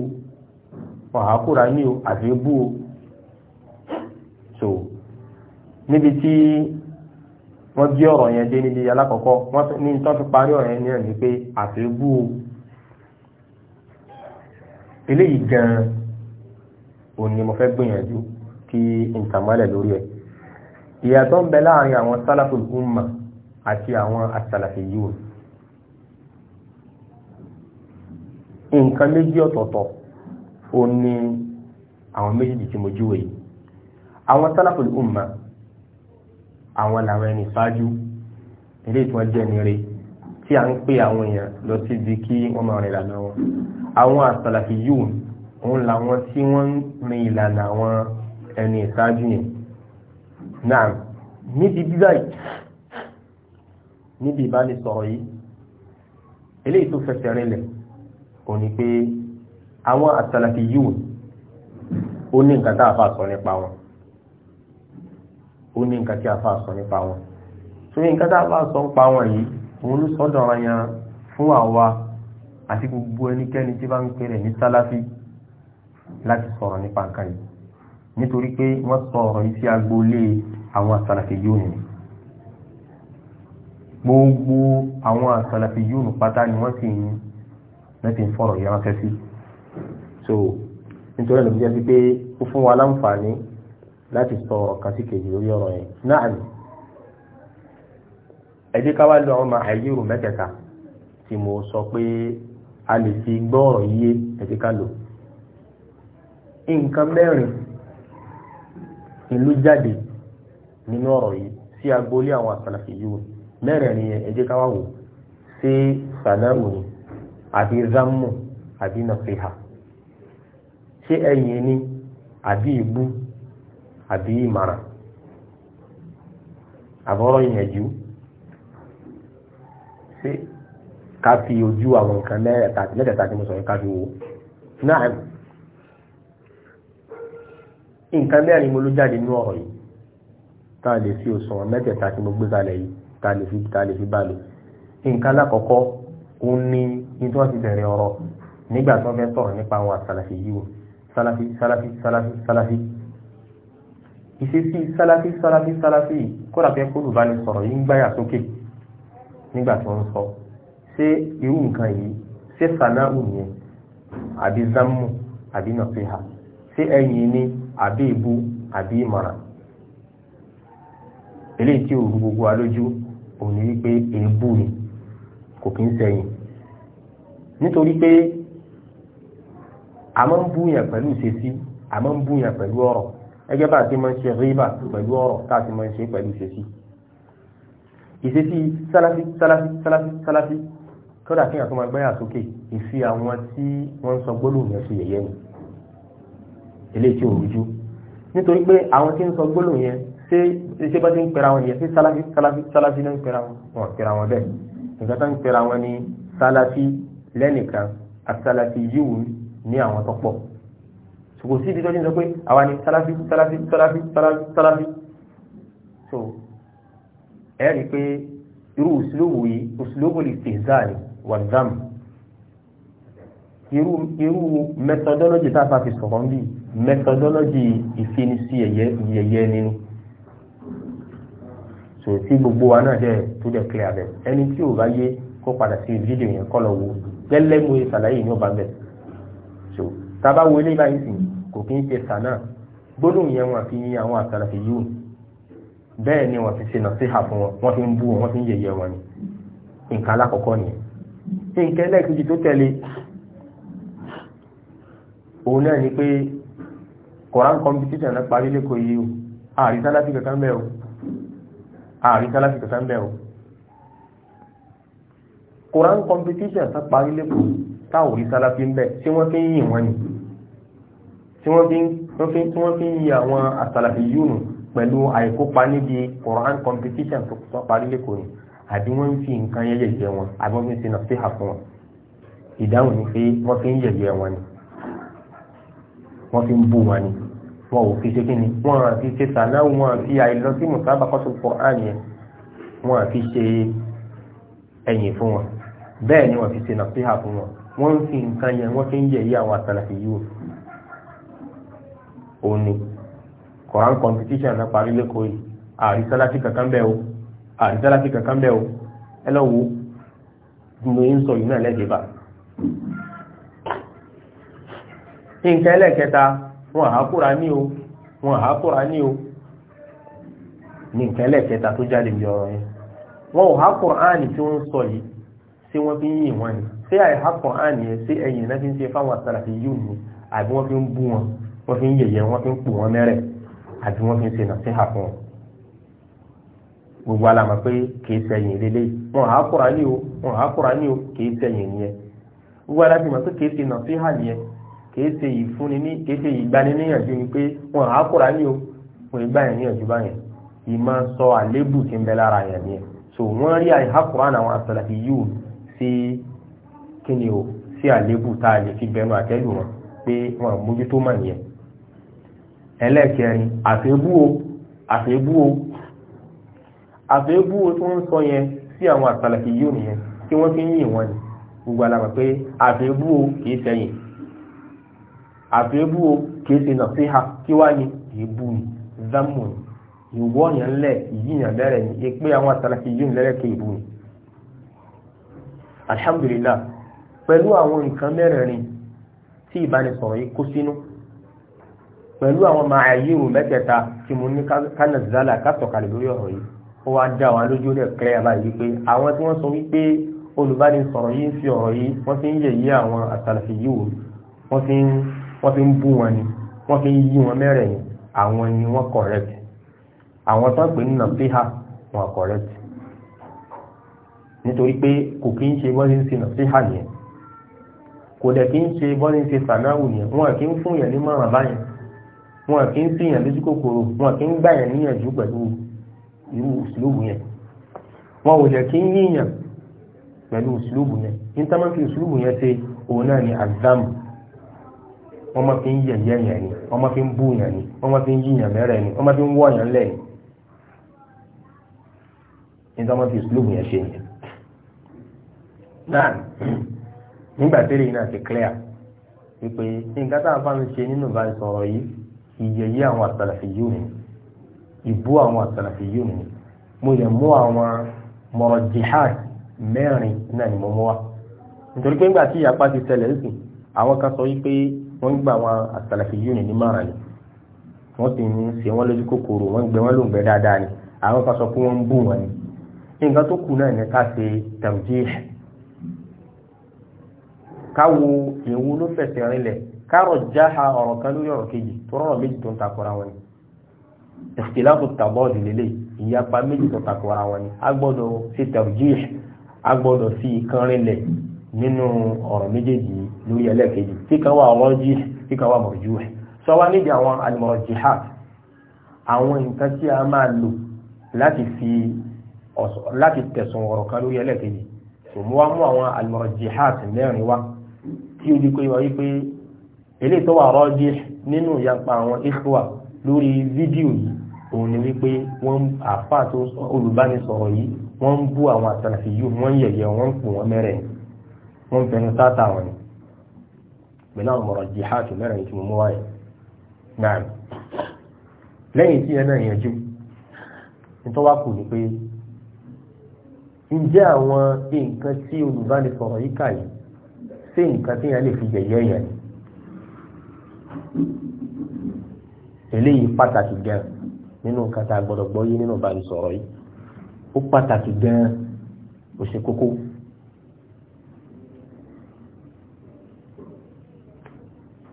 Speaker 1: wọn àá ní o àfi bú o so níbi tí wọ́n gbé ọ̀rọ̀ yẹn dé níbi alákọ̀ọ́kọ́ wọ́n ní tó fi parí ọ̀rọ̀ yẹn ní ẹ̀ ní pé àfi bú o eléyìí gan-an òun ni mo fẹ́ gbìyànjú kí n tàmálẹ̀ lórí ẹ̀ ìyàtọ̀ ń bẹ láàrin àwọn sálàfùl umma àti àwọn asàlàfíyùn nǹkan méjì ọ̀tọ̀ọ̀tọ̀ òun ni àwọn méjì tí mo júwe àwọn sálàfùl umma àwọn làwọn ẹni ṣáájú eléyìí tí wọ́n jẹ́ nire tí a ń pè àwọn èèyàn lọ sí ibi kí wọ́n máa rìn ìlànà wọn àwọn àsàlàfì yìí òun làwọn tí wọ́n ń rìn ìlànà àwọn ẹni ìṣáájú yẹn náà níbi bíbá yìí níbi ìbánisọ̀rọ̀ yìí eléyìí tó fẹsẹ̀ rinlẹ̀ kò ní pé àwọn àsàlàfì yìí ó ní nǹkan tá a fà sọ nípa wọn ó ní nǹkan tí a fà sọ nípa wọn torí nǹkan tá a fà sọ nípa wọn yìí òun ló sọ́dọ̀ ọ̀rọ̀ yẹn fún àwa àti gbogbo ẹnikẹ́ni tí bá ń pè rẹ̀ ní sálàfí láti sọ̀rọ̀ nípa nǹkan yìí nítorí pé wọ́n sọ ọ̀rọ̀ yìí sí agboolé àwọn àsàlàfí yóò nì gbogbo àwọn àsàlàfí yóò nù pátá ni wọ́n sì ń wọ́n sì ń fọ̀rọ̀ yìí ránṣẹ́ sí so nítorí ẹ̀lọ́mọdé sí pé ó fún wa láǹfààní láti sọ ọ̀rọ̀ kan sí kejì lórí ọ̀rọ̀ yẹn náà ni ẹ̀jẹ̀ ká wá lọ ọmọ àyírò mẹ́tẹ̀ẹ̀ta tí mo sọ pé a lè fi gbọ́ ọ̀rọ̀ yíyé ẹ̀jẹ̀ ká lò nǹkan mẹ́rin ìlú jáde nínú ọ̀rọ̀ yìí sí agboolé àwọn àsàlàfì yìí mẹ́rẹ̀ẹ̀rin yẹn ẹ̀jẹ̀ ká wá wò sí sànáwò ni àbí zámù àbí nàfihà ṣé ẹ̀yìn ni àbí ìbú àbí ìmàrà àbọ̀rọ̀ ìyẹ̀jú ṣé ká fi ojú àwọn nǹkan mẹ́ta mẹ́tẹ̀ẹ̀ta tí mo sọ yẹn ká fi wò náà nǹkan mẹ́rin mo ló jáde nínú ọ̀rọ̀ yìí tá a lè fi òṣùwọ̀n mẹ́tẹ̀ẹ̀ta tí mo gbé kalẹ̀ yìí tá a lè fi tá a lè fi bá lò nǹkan lákọ̀ọ́kọ́ òun ni ní tí wọ́n ti bẹ̀rẹ̀ ọ̀rọ̀ nígbà tí wọ́n fẹ́ sọ̀rọ̀ nípa àwọn àsàlàfì yìí o sálàfì sálàfì sálàfì sálàfì ìṣesí sálàfì sálàfì sálàfì kódà fẹ́ kó lùbánisọ̀rọ̀ yìí ń gbáyà sókè nígbà tó ń sọ ṣé irú nǹkan yìí ṣé sanáhù yẹn àbí zámù àbí nàfíhà ṣé ẹ̀yìn ni àbí ìbú àbí ìmọ̀ràn eléyìí tí òru gbogbo alójú òun ni wípé èébú ni kò kí ń sẹ́yìn nítorí pé a máa ń búyàn pẹ̀lú ìṣesí a máa ń búyàn pẹ̀lú ọ̀rọ̀ ẹgẹ́ bá a ti máa ń ṣe ríbà pẹ̀lú ọ̀rọ̀ tá a ti máa ń ṣe pẹ̀lú ìṣesí ìṣesí sálàfí sálàfí sálàfí sálàfí kódà kí àtúmọ̀ gbáyà sókè ìfi àwọn tí wọ́n ń sọ gbólóhùn yẹn sí yẹ̀yẹ́ ni eléyìí tí ò rújú nítorí pé àwọn tí ń sọ gbólóhùn yẹn ṣé ṣé bá ti ń pera wọn yẹn ṣé sálàfí sálàfí sálàfí ló ń pera wọn wọn wọn bẹ́ẹ̀ nǹkan tó ń pera wọn ni sálàfí lẹ́nìkan àsálàfí yíwù ní àwọn tó pọ̀ ṣùgbọ́n síbi tó ti ń sọ pé àwa ni sálàfí sálàfí sálàfí sálàfí sálàfí so ẹ rí i pé irú òṣìlówó yìí òṣìlówó lè fi zai wàzámù irú irú methodology tá a fàfi sọ̀rọ̀ ń bí methodology ìfinisí yẹ̀yẹ́ nínú so tí gbogbo wa náà dẹ̀ tó dẹ̀ clear bẹ̀ ẹni tí ò bá yé kó padà sí fídíò yẹn kọ́ lọ wo gẹ́lẹ́ mo ìsàlàyé ní ọba bẹ̀ so tábà wo eléyìí báyìí sìn kò kí ń ṣe sànà gbólóhùn yẹn wọn àfi àwọn àsàlàfí yìí bẹ́ẹ̀ ni wọ́n fi ṣe nàṣíhà fún wọn wọ́n fi ń bú wọn wọ́n fi ń yẹ̀yẹ́ wọn ni nǹkan alákọ̀ọ́kọ́ nìyẹn nǹkan ẹlẹ́ẹ̀kejì tó tẹ̀lé òun náà ni pé koran competition náà parí lẹ́kọ̀ọ́ yìí o ààrí sálásì kankan bẹ́ẹ̀ o ààrí sálásì kankan bẹ́ẹ̀ o koran competition náà parí lẹ́kọ̀ọ́ táwọn orí sálásì ń bẹ̀ tí wọ́n fi ń yìn wọn ni tí wọ́n fi ń yìn àwọn àsàlàfì yìí nù pẹ̀lú àìkópa níbi Quran competition tó sọ parí lẹ́kọ̀ọ́ ni àbí wọ́n ń fi nǹkan yẹ̀yẹ̀ jẹ wọn àbí wọ́n fi ń ṣe nàfíà fún wọn ìdáhùn ni pé wọ́n fi ń yẹ̀yẹ̀ wọn ni wọ́n fi ń bú wọn ni wọn ò fi ṣe kí ni wọn à fi ṣe sànáwó wọn à fi àìlọ sí mùsàlùmá kọ́sùn Quran yẹn wọn à fi ṣe ẹ̀yìn fún wọn bẹ́ẹ̀ ni wọ́n fi ṣe nàfíà fún wọn wọ́n fi nǹkan yẹn wọ́n fi ń yẹ̀yẹ̀ àwọn àtàlàfíà yìí Koran competition na parí lẹ́kọ̀ọ́ yìí àrí sálátì kankan bẹ́ẹ̀ o àrí sálátì kankan bẹ́ẹ̀ o ẹ lọ wo mo ń sọ yìí náà lẹ́dẹ̀ẹ́ bá. nǹkan ẹlẹ́kẹta wọn àá kóra ní o wọn àá kóra ní o ní nǹkan ẹlẹ́kẹta tó jáde bí ọ̀rọ̀ yẹn wọn ò há Quran tí wọ́n ń sọ yìí tí wọ́n fi ń yìn wọ́n ni ṣé àìhá Quran yẹn ṣé ẹ̀yìn náà fi ń ṣe fáwọn àtàlàfi yìí ni àbí wọ́n fi ń bú wọn wọ́n fi ń yẹ̀yẹ́ wọ́n fi ń pò wọ́n mẹ́rẹ̀ẹ́ àti wọ́n fi ń ṣe nàṣíhà fún ọ gbogbo alamọ pé kìí sẹ́yìn lélẹ̀ wọn àá kóra ní o wọn àá kóra ní o kìí sẹ́yìn nìyẹn gbogbo alamọ pé kìí ṣe nàṣíhà nìyẹn kìí ṣe ìfúnni ní kìí ṣe ìgbaniníyànjú ni pé wọn àá kóra ní o wọn ìgbà yẹn níyànjú báyẹn ìmọ̀ sọ àlébù tí ń bẹ lára yẹn nìyẹn so wọ́n rí àìhá kóra àwọn àtàlàfi yóò sí kíni o sí àlébù tá a lè fi bẹnu àtẹ́lù wọn pé wọn àmójútó mọ̀ nìyẹn ẹlẹ́ẹ̀kẹrin àfẹ́búwo àfẹ́búwo àfẹ́búwo tó ń sọ yẹn sí àwọn àtàlàkì yóò nìyẹn tí wọ́n fi ń yìn wọ́n ni gbogbo alamọ̀ pé àfẹ́búwo kìí sẹ́yìn àfẹ́búwo kìí ṣe nàṣíhà kí wá ní ìbú ni zámù ni ìwọ́ yẹn lẹ̀ ìyíyàn lẹ́rẹ̀ ni èpè àwọn àtàlàkì yóò lẹ́rẹ̀ kí ìbú ni. alhamdulillah pẹ̀lú àwọn nǹkan mẹ́rẹ̀ẹ̀rin tí ìbánisọ̀rọ̀ yìí kó sínú pẹ̀lú àwọn màáyíwò mẹ́tẹ̀ẹ̀ta tí mo ní kánàzálà kásọ̀kalẹ̀ lórí ọ̀rọ̀ yìí ó wá dá wa lójú rẹ̀ kẹ́ ẹ̀ báyìí wípé àwọn tí wọ́n sọ wípé olùbánisọ̀rọ̀ yìí ń fi ọ̀rọ̀ yìí wọ́n fi ń yẹ̀yẹ́ àwọn àtàlàfẹ́ yìí wò wọ́n fi ń bú wọn ni wọ́n fi ń yí wọn mẹ́rẹ̀ẹ̀yìn àwọn ni wọ́n correct àwọn tó ń pè ní nàfíhà wọn correct nítorí pé kò kí ń ṣe bọ́ọ̀lì ń ṣe nàfíhà nìyẹn kò dẹ̀ kí ń ṣe bọ́ọ̀lì ń ṣe sànáwù nìyẹn wọn kì í fún yẹn ní mọ̀ràn báyẹn wọn kì í fìyàn lójú kòkòrò wọn kì í gbàyàn níyànjú pẹ̀lú irú ìṣìlóògùn yẹn wọn ò jẹ́ kí ń yíyàn pẹ̀lú ìṣìlóògùn yẹn ní tá máa fi ìṣìlóògùn yẹn ṣe òun náà ni azam, wọn máa fi ń yẹ̀yẹ́ yẹn ni wọn máa fi ń bú yẹn ni wọn máa fi ń yíyàn mẹ́rẹ̀ ni wọn máa fi ń wọ́ yẹn lẹ̀ ni ní tá máa fi ìṣìlóògùn yẹn ṣe yẹn. náà nígbà tẹ́lẹ̀ yìí náà ti clear wípé nǹkan tá a bá ń ṣe nínú ìbánisọ̀rọ̀ yìí ìyẹyẹ àwọn àsàlàfíyùn ni ìbú àwọn àsàlàfíyùn ni mo lè mú àwọn mọ̀rọ̀jìhàn mẹ́rin náà ni mo mú wa nítorí pé nígbà tí ìyapa ti ṣẹlẹ̀ sí àwọn kan sọ wípé wọ́n gba àwọn àsàlàfíyùn ni nímọ̀ràn ni wọ́n sì ń ṣe wọ́n lójú kòkòrò wọ́n gbé wọ́n lóǹgbẹ́ dáadáa ni àwọn kan sọ pé wọ́n ń bù wọn ni nǹkan tó kù náà ni ká ṣe tàbí káwo èwo ló fẹsẹ̀ rinlẹ̀ kárọ̀ jáha ọ̀rọ̀ kan lórí ọ̀rọ̀ kejì tó rọrọ̀ méjì tó ń takora wọn ni ìfìlàfù tàbọ́ọ̀dì lélẹ̀ ìyapa méjì tó takora wọn ni a gbọ́dọ̀ sí tarjih a gbọ́dọ̀ sí ìkan rinlẹ̀ nínú ọ̀rọ̀ méjèèjì lórí ẹlẹ́ẹ̀kejì tí kan wà ọlọ́jì tí kan wà mọ̀jú ẹ̀ sọ wá níbi àwọn al-murajjihat àwọn nǹkan tí a máa lò láti fi láti tẹ̀sùn ọ̀rọ̀ kan lórí ẹlẹ́ẹ̀kejì kò mú wá mú àwọn al-murajjihat mẹ́rin wá tí ó di pé wáyé pé eléyìí tó wà rọ́ọ̀dì nínú ìyapa àwọn ikhwa lórí fídíò yìí òun ni wípé wọ́n àfáà tó olùbánisọ̀rọ̀ yìí wọ́n ń bú àwọn àtàlàfì yìí wọ́n ń yẹ̀yẹ́ wọ́n ń pò wọ́n mẹ́rẹ̀ wọ́n ń fẹnu sáta wọn ni pẹ̀lú àwọn ọ̀rọ̀ jihadu mẹ́rẹ̀ tí mo mú wáyé náà lẹ́yìn tí ẹ náà yanjú nítorí wá kù ni pé ǹjẹ́ àwọn nǹkan tí olùbánisọ̀rọ̀ yìí kà yìí ṣé nǹkan tí yẹn lè fi yẹ̀yẹ́ yẹn ni eléyìí pàtàkì gan nínú kata tá a gbọ́ yé nínú yìí ó pàtàkì gan ó ṣe kókó.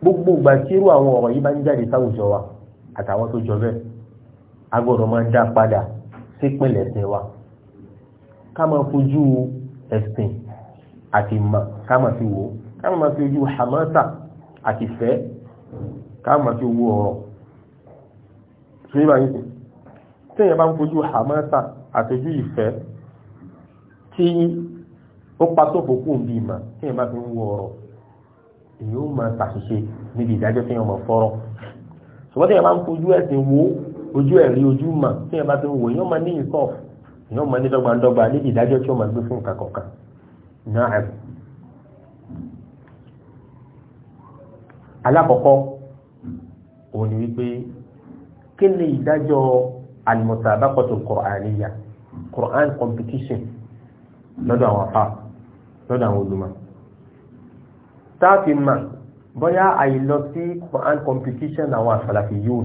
Speaker 1: gbogbo ìgbà tí irú àwọn yìí bá ń jáde sáwùjọ wa àtàwọn tó jọ bẹ́ẹ̀ a gbọ́dọ̀ máa dá padà wa ká máa fojú ẹ̀sìn àti ìmọ̀ ká máa fi wò ó ká máa hamasa àti káàmà sí owó ọ̀rọ̀ tó yíba yìí tí èyàn bá ń fojú hamasa àtọ́jú ìfẹ́ tí ó pàtó òkú òbí ìmọ̀ tí èyàn bá fi ń wo ọ̀rọ̀ èyí ó máa ṣàṣìṣe níbi ìdájọ́ tí èyàn mọ̀ fọ́rọ̀ ṣùgbọ́n tí èyàn bá ń fojú ẹ̀sìn wo ojú ẹ̀rí ojú mà tí èyàn bá fi ń wo èyàn máa ní ìsọ̀f èyàn máa ní dọ́gbandọ́gba níbi ìdájọ́ tí ó máa gbé fún kàkọ̀kan náà alákọ̀ọ́kọ́ òun ni wípé kí ni ìdájọ́ al-musabaqatu al-Qur'aniyya Qur'an competition lọ́dọ̀ àwọn afá lọ́dọ̀ àwọn olùmọ̀ táàfì mà bóyá àìlọ sí Qur'an competition àwọn àṣàlàfì yóò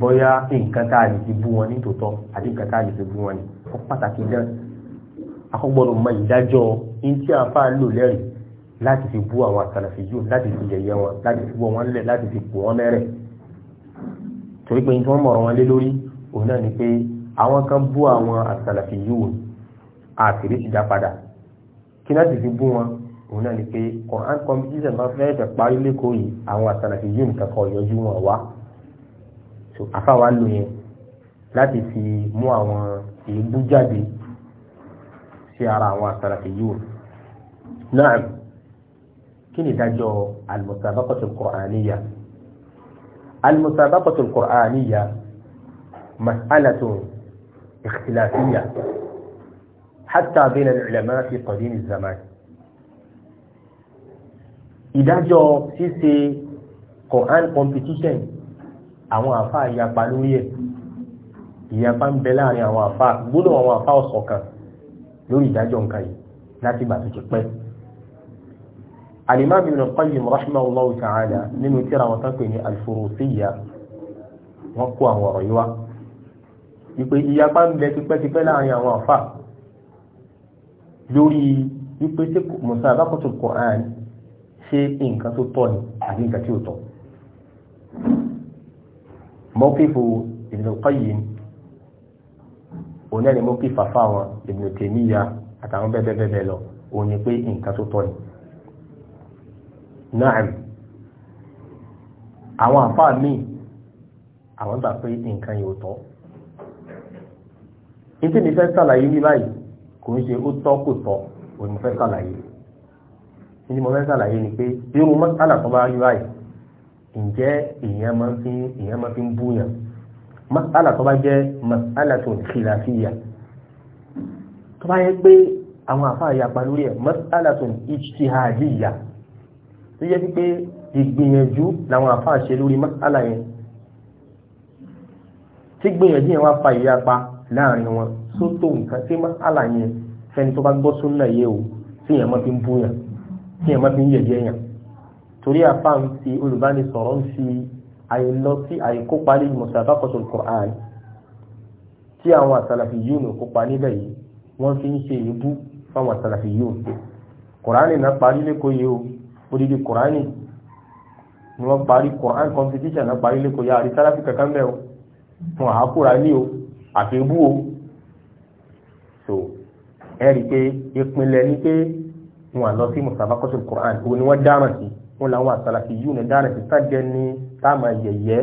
Speaker 1: bóyá nǹkan tá a lè fi bú wọn ní tòótọ́ àti nǹkan tá a lè fi bú wọn ní pàtàkì gan akọ́gbọ́dọ̀ mọ ìdájọ́ ní tí àfá lò lẹ́rìí láti fi bú àwọn àsàlàfí yìí láti fi yẹ̀yẹ́ wọn láti fi wọ wọn lẹ̀ láti fi pò wọn lẹ́rẹ̀ torí pé nítorí mọ̀rọ̀ wọn lé lórí òun náà ni pé àwọn kan bú àwọn àsàlàfí yìí àkèrè ti dá padà kí láti fi bú wọn òun náà ni pé Quran competition máa fẹ́ fẹ́ parí lẹ́kọ̀ọ́ yìí àwọn àsàlàfí yìí nìkan kan yọjú wọn wá àfáwa lò yẹn láti fi mú àwọn èébú jáde sí ara àwọn àsàlàfí yìí náà kí ni ìdájọ́ alimusabakọtò kọ̀ọ̀ánìyà alimusabakọtò kọ̀ọ̀ánìyà mas'alatun ikhtilafiyya hatta bayna al-ulama fi qadim az-zaman ìdájọ́ ṣíṣe Quran competition àwọn àfáà ìyapa lórí ẹ̀ ìyapa ń bẹ láàrin àwọn àfáà gbọ́dọ̀ àwọn àfáà ọ̀sọ̀kan lórí ìdájọ́ nǹkan yìí láti gbà tó ti pẹ́ الإمام ابن القيم رحمه الله تعالى من ترى وتنقل الفروسية وقوة وريوة ìpè ìyapa ń bẹ tipẹ́tipẹ́ láàrin àwọn àfà lórí wípé tí musabaqatu Qur'an ṣe nǹkan tó tọ́ ni àbí nǹkan tí ó tọ́ mọ́kífù Ibn al-Qayyim òun náà ni mọ́kífù àfà wọn Ibn Taymiyyah àtàwọn bẹ́ẹ̀ bẹ́ẹ̀ bẹ́ẹ̀ lọ òun ni pé nǹkan tó tọ́ ni náà àwọn àfáà míì àwọn gbà pé nǹkan yóò tọ́ ìtí mi fẹ́ sàlàyé ní báyìí kò ń ṣe ó tọ́ kò tọ́ òní fẹ́ sàlàyé ìdí mo fẹ́ sàlàyé ni pé irun mọ́sálà tó bá rí báyìí ǹjẹ́ èèyàn máa fi èèyàn máa fi ń búyàn mọ́sálà tó bá jẹ́ mọ́sálà tó khilafiyya tó bá yẹ pé àwọn àfáà yapa lórí ẹ̀ mọ́sálà tó ijtihadiyya tó yẹ pé ìgbìyànjú làwọn àfáà ṣe lórí mọ́sálà yẹn tí gbìyànjú yẹn wá fa ìyapa láàrin wọn tó tó nǹkan tí mọ́sálà yẹn fẹ́ni tó bá gbọ́ súnà yẹ o tí yẹn máa fi ń búyàn tí yẹn máa fi ń yẹ̀yẹ́ yàn torí àfáà ń fi olùbánisọ̀rọ̀ ń fi àìlọ sí àìkópa ní musabaqatul Qur'an tí àwọn àsàlàfì yóò ní kópa níbẹ̀ yìí wọ́n fi ń ṣe ìbú fáwọn àsàlàfì Qur'an náà parí lẹ́kọ̀ọ́ yìí o odidi kùránì ni wọ́n parí kùránì competition náà parí lẹ́kọ̀ọ́ yá àrí sáráfì kankan bẹ́ẹ̀ o fún àákùrá ní o àti ebú o so ẹ rí i pé ìpínlẹ̀ ni pé wọn lọ sí musabaqatul kùránì òun ni wọ́n dáràn sí wọn làwọn àsàlàfì yìí ní dáràn sí sájẹ́ ni táàmà yẹ̀yẹ́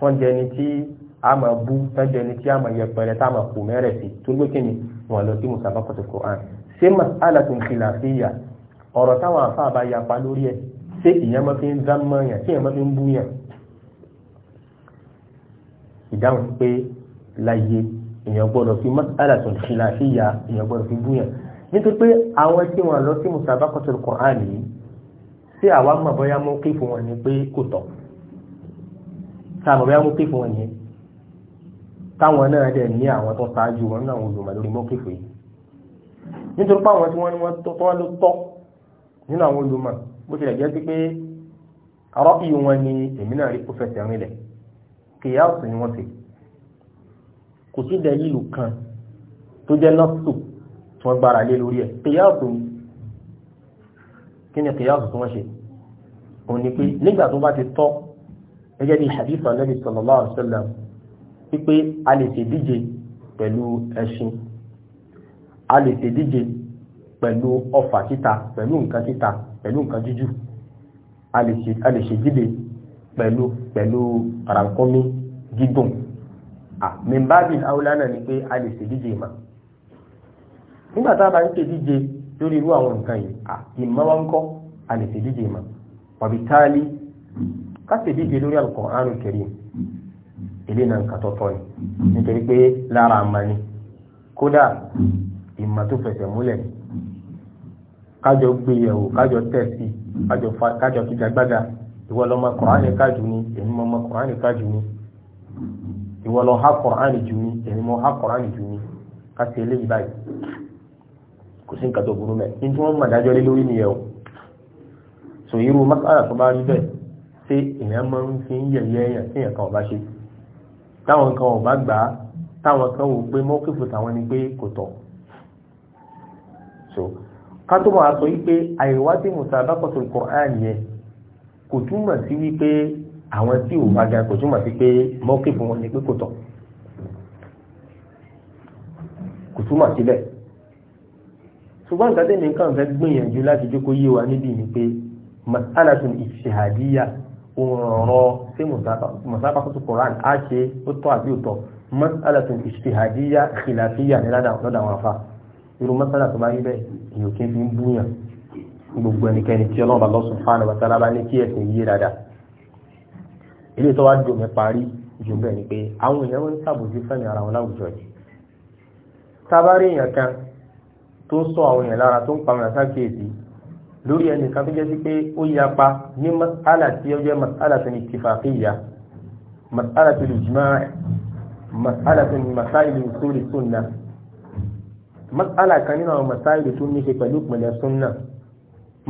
Speaker 1: wọ́n jẹ́ ni tí a máa bú sájẹ́ ni tí a máa yẹpẹrẹ táàmà kò mẹ́rẹ̀ sí tó gbé kíni wọn lọ sí musabaqatul kùránì ṣé mas'alatun khilafiyya ọ̀rọ̀ táwọn àfáà bá yapa lórí ẹ̀ ṣé ìyẹn máa fi ń dá mọ́yàn ṣé ìyẹn máa fi ń búyàn ìdáhùn pé láyé èèyàn gbọ́dọ̀ fi mọ́sálàtún ṣìláṣíyà èèyàn gbọ́dọ̀ fi búyàn nítorí pé àwọn tí wọ́n lọ sí musabaqatul Qur'an yìí ṣé àwa mọ̀ bóyá mú kí fún wọn ni pé kò tọ́ sáàmù bóyá mú kí fún wọn yẹn táwọn náà dẹ̀ ní àwọn tó ṣáájú wọn náà wọ́n lò mọ́ lórí mọ́ fún yìí nítorí pé àwọn tí wọ́n ní wọ́n tọ́ nínú àwọn olùmọ̀ bó tilẹ̀ jẹ́ pé ọ̀rọ̀ ìyó wọn ni èmi náà rí kó fẹsẹ̀ rìn lẹ̀ kìyàsù ni wọ́n ṣe kò sí dẹ̀lílù kan tó jẹ́ nọ́ọ̀sù tí wọ́n gbára lé lórí ẹ̀ kìyàsù ni kí ni kìyàsù tí wọ́n ṣe òun ni pé nígbà tó bá ti tọ́ gẹ́gẹ́ bí hadith anabi sallallahu alayhi wa sallam wípé a lè ṣèdíje pẹ̀lú ẹṣin a lè ṣèdíje pẹ̀lú ọfà títa pẹ̀lú nǹkan títa pẹ̀lú nǹkan jíjù a lè ṣe jíde pẹ̀lú pẹ̀lú rànkọ́mí gígùn mẹ́mbàbí aulana ni pé a lè ṣe díje ìmọ̀ nígbà tá a bá ń ṣe díje lórí irú àwọn nǹkan yìí ìmọ̀ wa ń kọ́ a lè ṣe díje ìmọ̀ wàbí táálí ká ṣe díje lórí Al-Qur'an Karim ilé náà nǹkan tọ́tọ́ ni nítorí pé lára àmà ni kódà ìmọ̀ tó fẹsẹ̀ múlẹ̀ ni kájọ gbéyẹ̀wò kájọ tẹ̀sí kájọ figagbága ìwọ lọmọ kùránì kájú ni èmi mọ ọmọ kùránì kájú ni ìwọ ha kùránì jù ni èmi mọ ha kùránì jù ni ká ṣe eléyìí báyìí kò sí nǹkan tó burú mẹ́ ní tí wọ́n mọ̀ dájọ́ lé lórí nìyẹn o sò irú mọ́sálà tó bá rí bẹ́ẹ̀ ṣé èèyàn máa ń fi ń yẹ̀yẹ́ èèyàn tí èèyàn kan ò bá ṣe táwọn kan ò bá gbà á táwọn kan wò pé mọ́kìfù táwọn ni pé kò tọ́ so kátó máa sọ wípé àìwádìí musabaqatul Qur'an yẹn kò túmọ̀ sí wípé àwọn tí ò wájà kò túmọ̀ sí pé mọ́kì fún wọn ni pé kò tọ̀ kò túmọ̀ síbẹ̀ ṣùgbọ́n nǹkan tẹ̀lé nǹkan fẹ́ gbìyànjú láti jókòó yé wa níbí ni pé masalatun ijtihadiyya ọ̀rọ̀ sí musabaqatul Qur'an á ṣe ó tọ́ àbí ò tọ́ masalatun ijtihadiyya khilafiyya ní ládàá wọn fa irú mọ́sálà tó bá rí bẹ́ẹ̀ èyí ò kí n fi ń búyàn gbogbo ẹnikẹ́ni tí ọlọ́run bàbá subhanahu wa ta'ala bá ní kí ẹ̀sìn yé dáadáa ilé tó wá dùn mí parí jù bẹ́ẹ̀ ni pé àwọn èèyàn ń ṣàbòsí fẹ́mi ara wọn láwùjọ yìí tábàárí èèyàn kan tó sọ àwọn èèyàn lára tó ń pa wọn sákèèsí lórí ẹnìkan tó jẹ́ sí pé ó yapa ní mas'ala tí ó jẹ́ mas'ala tó ní ittifaqiyya mas'ala tó lè jùmọ́ mas'ala tó ní masáìlì usul sunnah mas'ala kan nínú àwọn masáìlì tó ní ṣe pẹ̀lú ìpìlẹ̀ súnà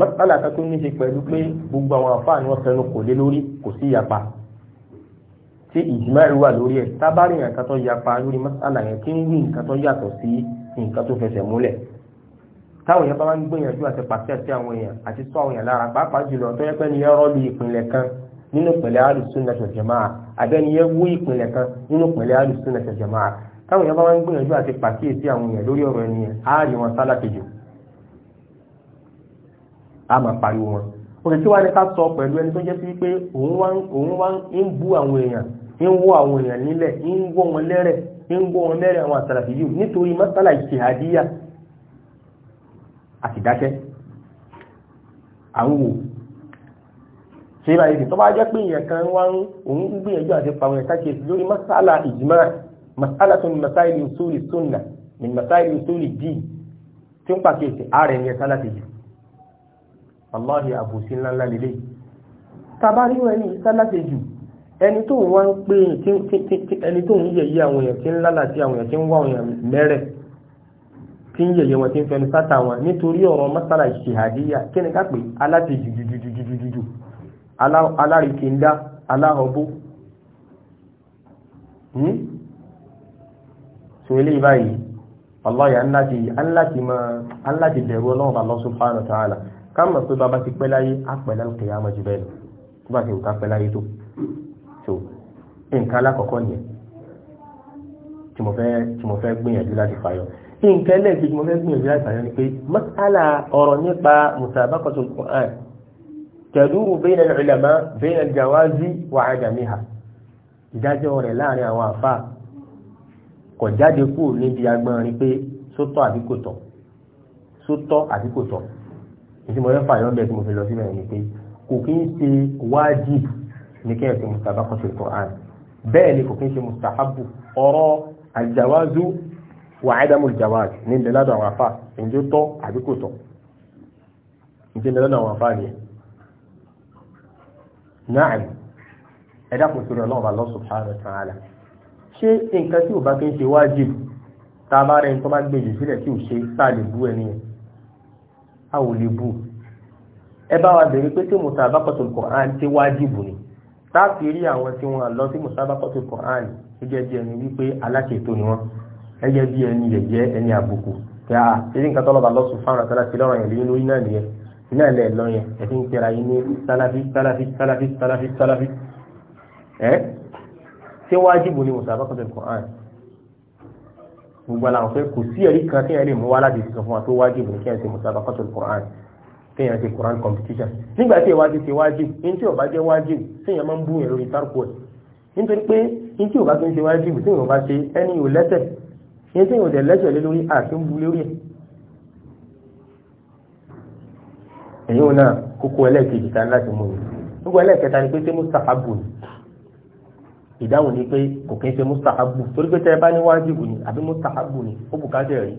Speaker 1: mas'ala kan tó ní ṣe pẹ̀lú pé gbogbo àwọn àfáà ni wọ́n fẹnu kò lé lórí kò sí yapa tí ìjìmáì wà lórí ẹ̀ tábàárì nǹkan tó yapa lórí mas'ala yẹn kí ń wí nǹkan tó yàtọ̀ sí nǹkan tó fẹsẹ̀ múlẹ̀ táwọn èèyàn bá máa ń gbìyànjú àti pàṣẹ sí àwọn èèyàn àti sọ àwọn èèyàn lára pàápàá jùlọ tó yẹ pé ní ẹrọ lu ìpìlẹ̀ kan nínú ìpìlẹ̀ alùsùn nàṣọ̀jẹ̀máà àbẹ́ni wú ìpìlẹ̀ kan nínú ìpìlẹ̀ alùsùn nàṣọ̀jẹ̀máà táwọn èèyàn bá wọn ń gbìyànjú àti pàkíyèsí àwọn èèyàn lórí ọ̀rọ̀ ẹni yẹn á rí wọn sálà kejì á máa pariwo wọn òkè tí wàá ní ká sọ pẹ̀lú ẹni tó jẹ́ sí pé òun wá ń bú àwọn èèyàn ń wó àwọn èèyàn nílẹ̀ ń wó wọn lẹ́rẹ̀ ń wó wọn lẹ́rẹ̀ àwọn àsàlàfì yìí nítorí mọ́sálà ìṣèhádíyà àtìdákẹ́ àwọn wò ṣe báyìí tó bá jẹ́ pé èèyàn kan wá ń òun gbìyànjú àti pàwọn ẹ̀ka kejì lórí mọ́sálà ìjìmọ́ràn masalatu min masáìlì usuli sunna min masáìlì usuli díì tí ń pàkíyèsí ààrẹ ní ẹ̀sán láti jù wàláhì àbòsí ńláńlá lélẹ̀ tabarí ẹni ẹ̀sán láti jù ẹni tó ń wá ń pè ẹni tó ń yẹ̀yẹ́ àwọn èèyàn tí ń lálàtí àwọn èèyàn tí ń wá àwọn èèyàn mẹ́rẹ̀ tí ń yẹ̀yẹ́ wọn tí ń fẹnu sáta wọn nítorí ọ̀rọ̀ masala ìṣèhàdíyà kí ni ká pè aláti jùjùjùjùjùjù alárìkìndá aláhọ̀bó hmm? so eléyìí báyìí wàláyà aláti bẹ̀rù ọlọ́run Allah subhanahu wa ta'ala ká mọ̀ pé bàbá ti pẹ́ láyé àpẹ̀lẹ́ òkè àmọ́ jù bẹ́ẹ̀ lọ tó bá ti wù ká pẹ́ láyé tó so nǹkan alákọ̀ọ́kọ́ nìyẹn tí mo fẹ́ tí mo fẹ́ gbìyànjú láti fàyọ nǹkan ẹlẹ́ẹ̀kejì tí mo fẹ́ gbìyànjú láti fàyọ ni pé mas'ala ọ̀rọ̀ nípa musabaqatul Qur'an kò jáde kúrò níbi agbọ́nrin pé sótọ́ àbí kò tọ́ sótọ́ àbí kò tọ́ èyí mo fẹ́ fààyàn bẹ́ẹ̀ tí mo fi lọ síbẹ̀ ni pé kò kí ń ṣe wájib ní kẹ́yìn tí mustapha kò ṣe Qur'an bẹ́ẹ̀ ni kò kí ń ṣe mustahabu ọ̀rọ̀ àjàwázu wà ádámù jawaz ní ilẹ̀ àwọn afá ǹjẹ́ tọ́ àbí kò tọ́ ǹjẹ́ ilẹ̀ àwọn afá ni náà ẹ̀dá kò sórí ọlọ́run Allah subhanahu wa ta'ala ṣé nǹkan tí ò bá kí ń ṣe wájib tá a bá rẹ tó bá gbèjì sílẹ̀ tí ò ṣe tá a lè bú ẹni yẹn a ò lè bú ẹ bá wa bèrè pé tí mutabaqatul Qur'an ti wájib ni táàfì rí àwọn tí wọn lọ sí mutabaqatul Qur'an gẹ́gẹ́ bí ẹni wípé aláṣetò ni wọn gẹ́gẹ́ bí ẹni yẹ̀yẹ́ ẹni àbùkù kí a ṣeré nǹkan tọ́lọ́ba lọ sùn fáwọn àtàlà sí lọ́rọ̀ yẹn lórí lórí náà nìyẹn iná ilẹ̀ lọ yẹn ẹ̀sìn pera yín ní sálàfí sálàfí sálàfí sálàfí sálàfí ẹ́ ṣé wájìbù ni musabaqatul Qur'an gbogbo àwọn fẹ́ kò sí ẹ̀rí kan téèyàn lè mú wá láti sọ fún wa tó wájìbù ní kéèyàn ṣe musabaqatul Qur'an téèyàn ṣe Qur'an competition nígbà tí ìwádìí ṣe wájìbù ní tí ò bá jẹ́ wájìbù téèyàn máa ń bú yẹn lórí tárkù ẹ̀ nítorí pé ní tí ò bá tó ń ṣe wájìbù téèyàn bá ṣe ẹni ò lẹ́tẹ̀ ní tí lẹ́tẹ̀ lé lórí àti ń bu lórí ẹ̀ èyí ò náà kókó ẹlẹ́ẹ̀kejì ta láti mú ni gbogbo ẹlẹ́ẹ̀kẹta ni pé ṣé mustahabu ìdáhùn ni pé kò kí n ṣe mustahabu torí pé tẹ ẹ bá ní wájibù ni àbí mustahabu ni ó bùkátà rí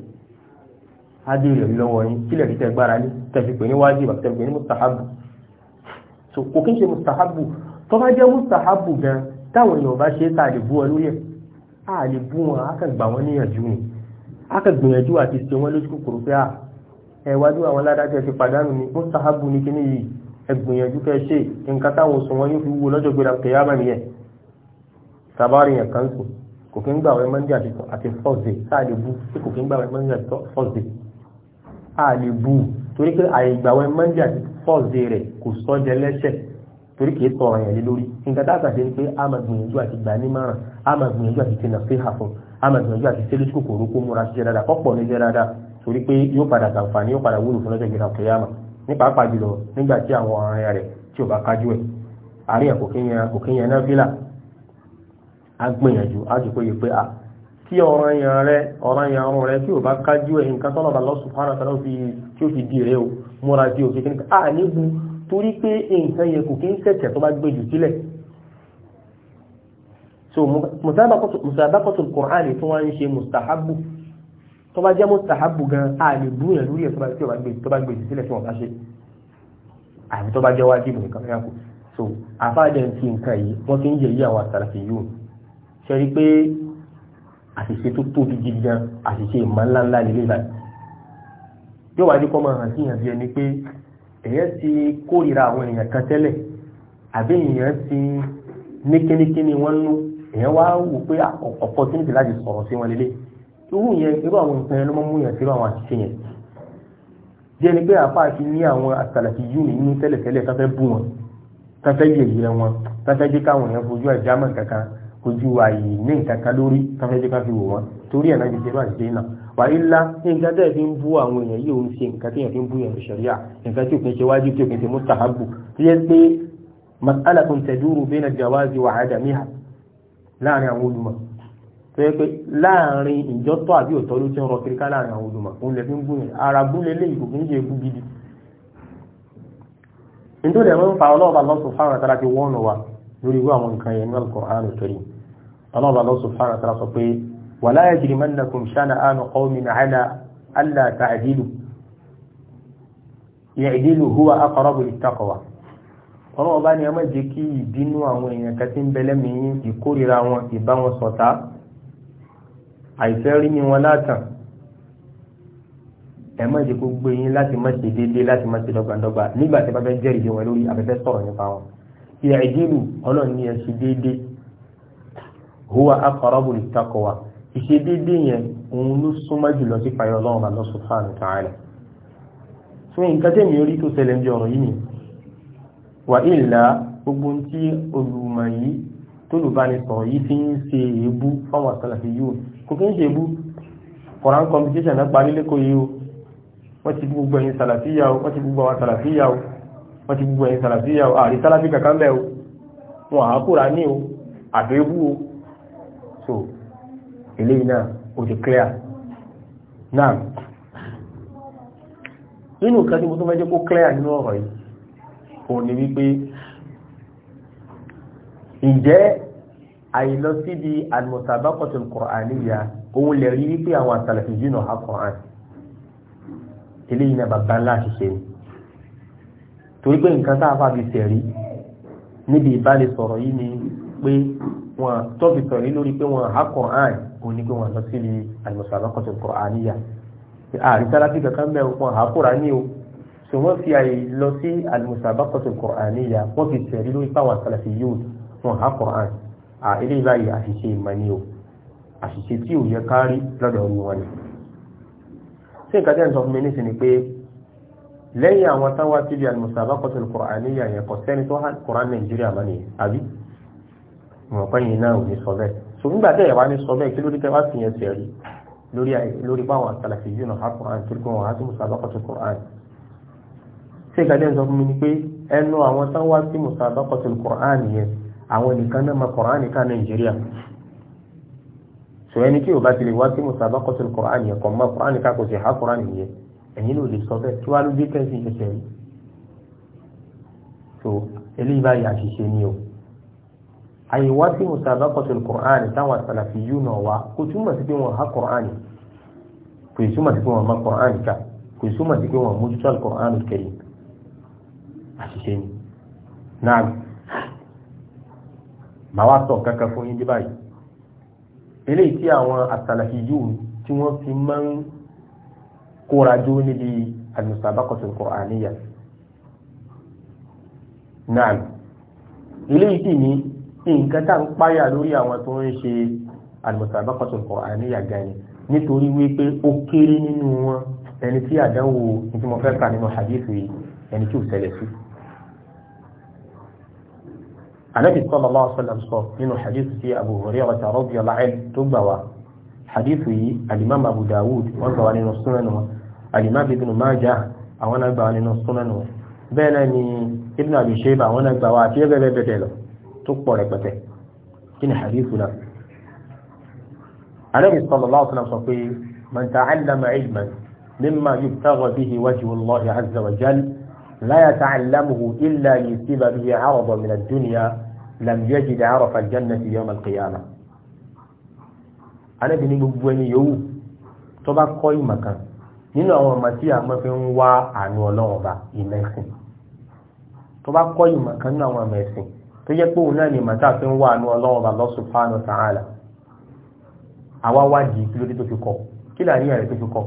Speaker 1: ádì rẹ̀ lọ́wọ́ yín kílẹ̀ rí tẹ gbára ní tẹ̀sí ní wájibù àti tẹ̀sí ní mustahabu so kò kí n ṣe mustahabu tó bá jẹ́ mustahabu gan táwọn èèyàn bá ṣe é tá a lè bú wọn lórí a lè bú wọn a kàn gbà wọn níyànjú ni a kàn gbìyànjú àti ṣe wọn lójú kòkòrò pé a ẹ̀wájú àwọn aládájọ́ ti pàdánù ni mustahabu ni kíní yìí ẹgbìyànjú kẹ́ ṣe nǹkan táwọn sọ wọn yóò fi wúwo lọ́jọ́ gbéra kẹyàmà nìyẹn tabari yẹn kan sùn kò kí ń gbà wẹ́ mọ́ndé àti fọ́ọ̀sì tá a lè bu pé kò kí ń gbà wẹ́ mọ́ndé àti fọ́ọ̀sì a lè bu torí pé àìgbà wẹ́ mọ́ndé àti fọ́ọ̀sì rẹ̀ kò sọ́jẹ lẹ́sẹ̀ torí kìí sọ̀rọ̀ yẹn lé lórí nǹkan tá a kà ṣe ni pé a máa gbìyànjú àti gbà ní márùn a máa gbìyànjú àti tẹ̀nà sí hà fún a máa gbìyànjú àti tẹ́lẹ̀ sùkò kòrò kó múra ṣiṣẹ́ dáadáa kọ́pọ̀ ní ṣe dáadáa torí pé yóò padà sàǹfààní yóò padà wúlò fún lọ́jọ́ ìgbéra kìyàmà nípa pàjùlọ nígbà tí àwọn ọ̀rẹ́ rẹ̀ tí ò bá kájú ẹ̀ àríyàn kò kéèyàn náà fílà agbìyànjú àjùkò yìí pé a tí ọ̀ràn yàn rẹ ọ̀ràn yàn ọ̀ràn rẹ tí o bá kájú ẹ̀ nǹkan tọ́lọ̀ bá lọ́sùn fún àràtà lọ́fi tí o fi di rẹ o múra bí o fi kíni a níbu torí pé nǹkan yẹn kò kí ń ṣẹ̀ṣẹ̀ tó bá gbé jù sílẹ̀ so musabakọtò kùránì tó wá ń ṣe mustahabu tó bá jẹ́ mustahabu gan a lè bú yàn lórí ẹ̀ tó bá gbé jù sílẹ̀ tí wọ́n bá ṣe àbí tó bá jẹ́ wájú ìbùnìkan yàkù so àfáàjẹ́ ti nǹkan yìí wọ́n fi ń yẹ̀ yí àwọn àtàràfẹ́ yìí sẹ́rí pé àṣìṣe tó tóbi gidi gan àṣìṣe ìmọ̀ ńláńlá nílé báyìí yóò wá ní kọ́ máa hàn sí ìyànjú ẹni pé èèyàn ti kórìíra àwọn èèyàn kan tẹ́lẹ̀ àbí èèyàn ti ní kínníkínní wọn nú èèyàn wá wò pé ọ̀pọ̀ tí níbi láti sọ̀rọ̀ sí wọn lélẹ̀ irú yẹn irú àwọn nǹkan yẹn ló máa mú yàn sí irú àwọn àṣìṣe yẹn bí ẹni pé àáfàá ti ní àwọn àṣàlàfí yìí nínú tẹ́lẹ̀tẹ́lẹ̀ tó fẹ́ bú wọn tó fẹ́ yẹ̀yẹ́ wọn tó fẹ́ jẹ́ káwọn èèyàn fojú ẹ̀ jámọ̀ kankan kojú àyè ní nǹkan kan lórí káfẹ́ jẹ́ ká fi wò wọ́n torí ẹ̀ náà ti ṣe bá ṣe náà wàyí ńlá nǹkan tẹ́ ẹ̀ fi ń bú àwọn èèyàn yìí òun ṣe nǹkan tẹ́ ẹ̀ fi ń bú èèyàn ṣẹ̀ríà nǹkan tí òkè ṣe wájú tí òkè ṣe mustahabu tí yẹ pé mas'alatun taduru bayna jawazi wa adamiha láàrin àwọn olùmọ̀ tó yẹ pé láàrin ìjọ́tọ̀ àbí òtọ́ ló ti ń rọ kiri láàrin àwọn olùmọ̀ òun lè fi ń bú yẹn ara gúnlé léyìí kò kí ń ṣe ikú gidi nítorí àwọn ń fa ọlọ́ọ̀bà lọ́sùn fáwọn àtàrà ti wọ́n wa lórí irú àwọn nǹkan yẹn ní Al-Qur'an Allah subhanahu wa ta'ala sọ pé wala yajrimannakum shana'anu qawmin 'ala alla ta'dilu i'dilu huwa aqrabu lit-taqwa ọlọ́wọ́ bá ní ẹ má jẹ́ kí ìbínú àwọn èèyàn kan tí ń bẹ̀lẹ́ mi yín ìkórira wọn ìbá wọn ṣọ̀tá àìfẹ́ rí ni wọn látàn ẹ má jẹ́ kó gbé yín láti má ṣe déédéé láti má ṣe dọ́gbandọ́gba nígbà tí a bá fẹ́ jẹ́rìí wọn lórí a fẹ́ sọ̀rọ̀ nípa wọn ìyà ìdílù ọlọ́run ní ẹ ṣe déédéé huwa aqrabu littaqwa ìṣe déédéé yẹn òun ló súnmọ́ jùlọ sí payọ Ọlọ́run Allah subhanahu wa ta'ala fún nǹkan tẹ̀mí orí tó ṣẹlẹ̀ ń bí ọ̀rọ̀ yìí ni wà ìlà gbogbo tí olùmọ̀ yìí tó lù bá ní sọ̀rọ̀ yìí fi ń ṣe èébú fáwọn àtàlàfẹ́ yìí kò kí ń ṣe Quran competition náà parí lẹ́kọ̀ọ́ yìí o wọ́n ti gbogbo ẹ̀yin sàlàfíyà o wọ́n ti gbogbo àwọn sàlàfíyà o wọ́n ti gbogbo ẹ̀yin sàlàfíyà o àrí sàlàfí kankan bẹ́ẹ̀ o wọn àákùrà ní o àbẹ́bú o so eléyìí náà ó ti clear náà nínú nǹkan tí mo tún mẹ́jẹ́ kó clear nínú ọ̀rọ̀ yìí òun ni wípé ǹjẹ́ àìlọ síbi al-musabaqatul Qur'aniyya òun lè rí wípé àwọn as-salafiyyin ha Qur'an eléyìí náà bàbá ńlá àṣìṣe ni torí pé nǹkan tá a fà fi sẹ̀rí níbi ìbánisọ̀rọ̀ yìí ni pé wọn tọ́bi tọ̀rí lórí pé wọn ha Qur'an kò ní pé wọn lọ sí al-musabaqatu al-Qur'aniyya àrí sálábì kankan mẹ́rin wọn ha Qur'ani o sọ wọ́n fi àyè lọ sí al-musabaqatu al-Qur'aniyya wọ́n fi tẹ̀rí lórí pàwọn sàlàfì yóò wọn ha Qur'an à ilé ìbáyìí àṣìṣe ìmọ̀ ni o àṣìṣe tí ò yẹ kárí lọ́dọ̀ ọ̀run wọn ni ṣé nǹkan tẹ́ ń sọ fún mi ní sinmi pé lẹ́yìn àwọn táwa tv al-musabaqatu al-Qur'aniyya yẹn kò sẹ́ni tó ha Qur'an nǹkan yìí náà ò ní sọ bẹ́ẹ̀ so nígbà tẹ́ ẹ̀ wá ní sọ bẹ́ẹ̀ kí lórí tẹ́ wá sí yẹn ṣe rí lórí lórí báwọn àtàlàfẹ́ yìí náà hapun àti tó kàn án tó musabaqatu Qur'an ṣé ìkàdé ń sọ fún mi ni pé ẹnu àwọn tán wá sí musabaqatu Qur'an yẹn àwọn nìkan náà mọ Qur'an nìkan Nàìjíríà so ẹni tí o bá ti lè wá sí musabaqatu Qur'an yẹn kọ̀ mọ́ Qur'an nìkan kò sì há Qur'an yẹn ẹ̀yin ló lè sọ bẹ́ẹ̀ tí wàá ló dé tẹ́sí ìṣẹ̀ṣẹ̀ yìí so eléyìí báyìí àṣìṣe ni o àyíwá tí musabaqatul Qur'an táwọn salafiyyu náà wá kò túmọ̀ sí pé wọ́n ha Qur'an kò ì túmọ̀ sí pé wọ́n ma Qur'an ká kò ì túmọ̀ sí pé wọ́n mójútó al-Qur'an al-Karim àṣìṣe ni náà màá wá sọ kankan fún yín dé fi máa ń kórajó níbi al-musabaqatul Qur'aniyya náà eléyìí sì nǹkan tá à ń páyà lórí àwọn tó ń ṣe al-musabaqatul Qur'aniyya gani nítorí wípé ó kéré nínú wọn ẹni tí àdánwò tí mo fẹ́ kà nínú hadith yìí ẹni tí ò ṣẹlẹ̀ sí. Ànábì sallallahu alaihi wasallam sọ nínú hadith tí Abu Hurairah radiyallahu anhu tó gbà wá hadithu yìí alimam abu dawud wọn gbà wá nínú sunan wọn alimam ibn majah àwọn náà gbà wá nínú sunan wọn bẹ́ẹ̀ náà ni ibn abi àwọn náà gbà wá àti ẹgbẹ́ bẹ́ẹ̀ bẹ́ẹ̀ lọ tó pọ̀ rẹpẹtẹ kí ni hadithu náà anabi sallallahu alaihi wasallam sọ pé man ta'allama ilman mimma yubtagha bihi wajhu Allahi azza wa jal la yata'allamuhu illa yusiba bihi 'aradan min ad-dunya lam yajid 'arafa al-jannati yawm al-qiyamah anabi ní gbogbo ẹni yòówù tó bá kọ́ ìmọ̀ kan nínú àwọn ọmọ tí a máa fi ń wá àánú ọlọ́run ọba ìmọ̀ tó bá kọ́ ìmọ̀ kan nínú àwọn ọmọ ẹ̀sìn tó jẹ́ pé òun náà ni màtá fi ń wà ní ọlọ́run bá Allah subhanahu wa ta'ala àwa wádìí kí ló dé tó fi kọ kí là ní ẹ̀rẹ́ tó fi kọ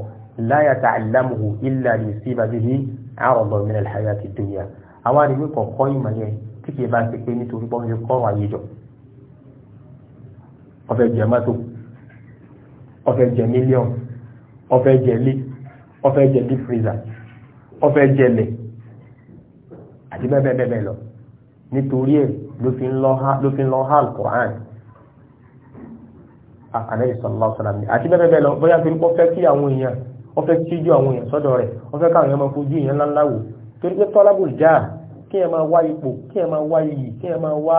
Speaker 1: la yata'allamuhu illa liyusiba bihi 'arada min al-hayati ad-dunya àwa rí wípé kọ̀ọ̀kọ́ ìmọ̀ yẹn tí kì í bá ti pé nítorí pé fi kọ́ wáyé jọ ọ̀fẹ́ jẹ mọ́tò ọ̀fẹ́ jẹ mílíọ̀nù ọ̀fẹ́ jẹ lé ọ̀fẹ́ jẹ deep ọ̀fẹ́ jẹ lẹ̀ àti bẹ́ẹ̀ bẹ́ẹ̀ bẹ́ẹ̀ lọ nítorí ẹ̀ ló fi ń lọ hàn Quran àkàlẹ́ ìsọ̀lá ọ̀sọ̀lá mi àti bẹ́ẹ̀ bẹ́ẹ̀ lọ bóyá fi kọ́ fẹ́ kí àwọn èèyàn wọ́n fẹ́ tíjú àwọn èèyàn sọ́dọ̀ rẹ̀ wọ́n fẹ́ káwọn èèyàn máa fojú èèyàn ńláńlá wò torí pé tọ́lábùl jáà kí ẹ máa wá ipò kí ẹ máa wá iyì kí ẹ máa wá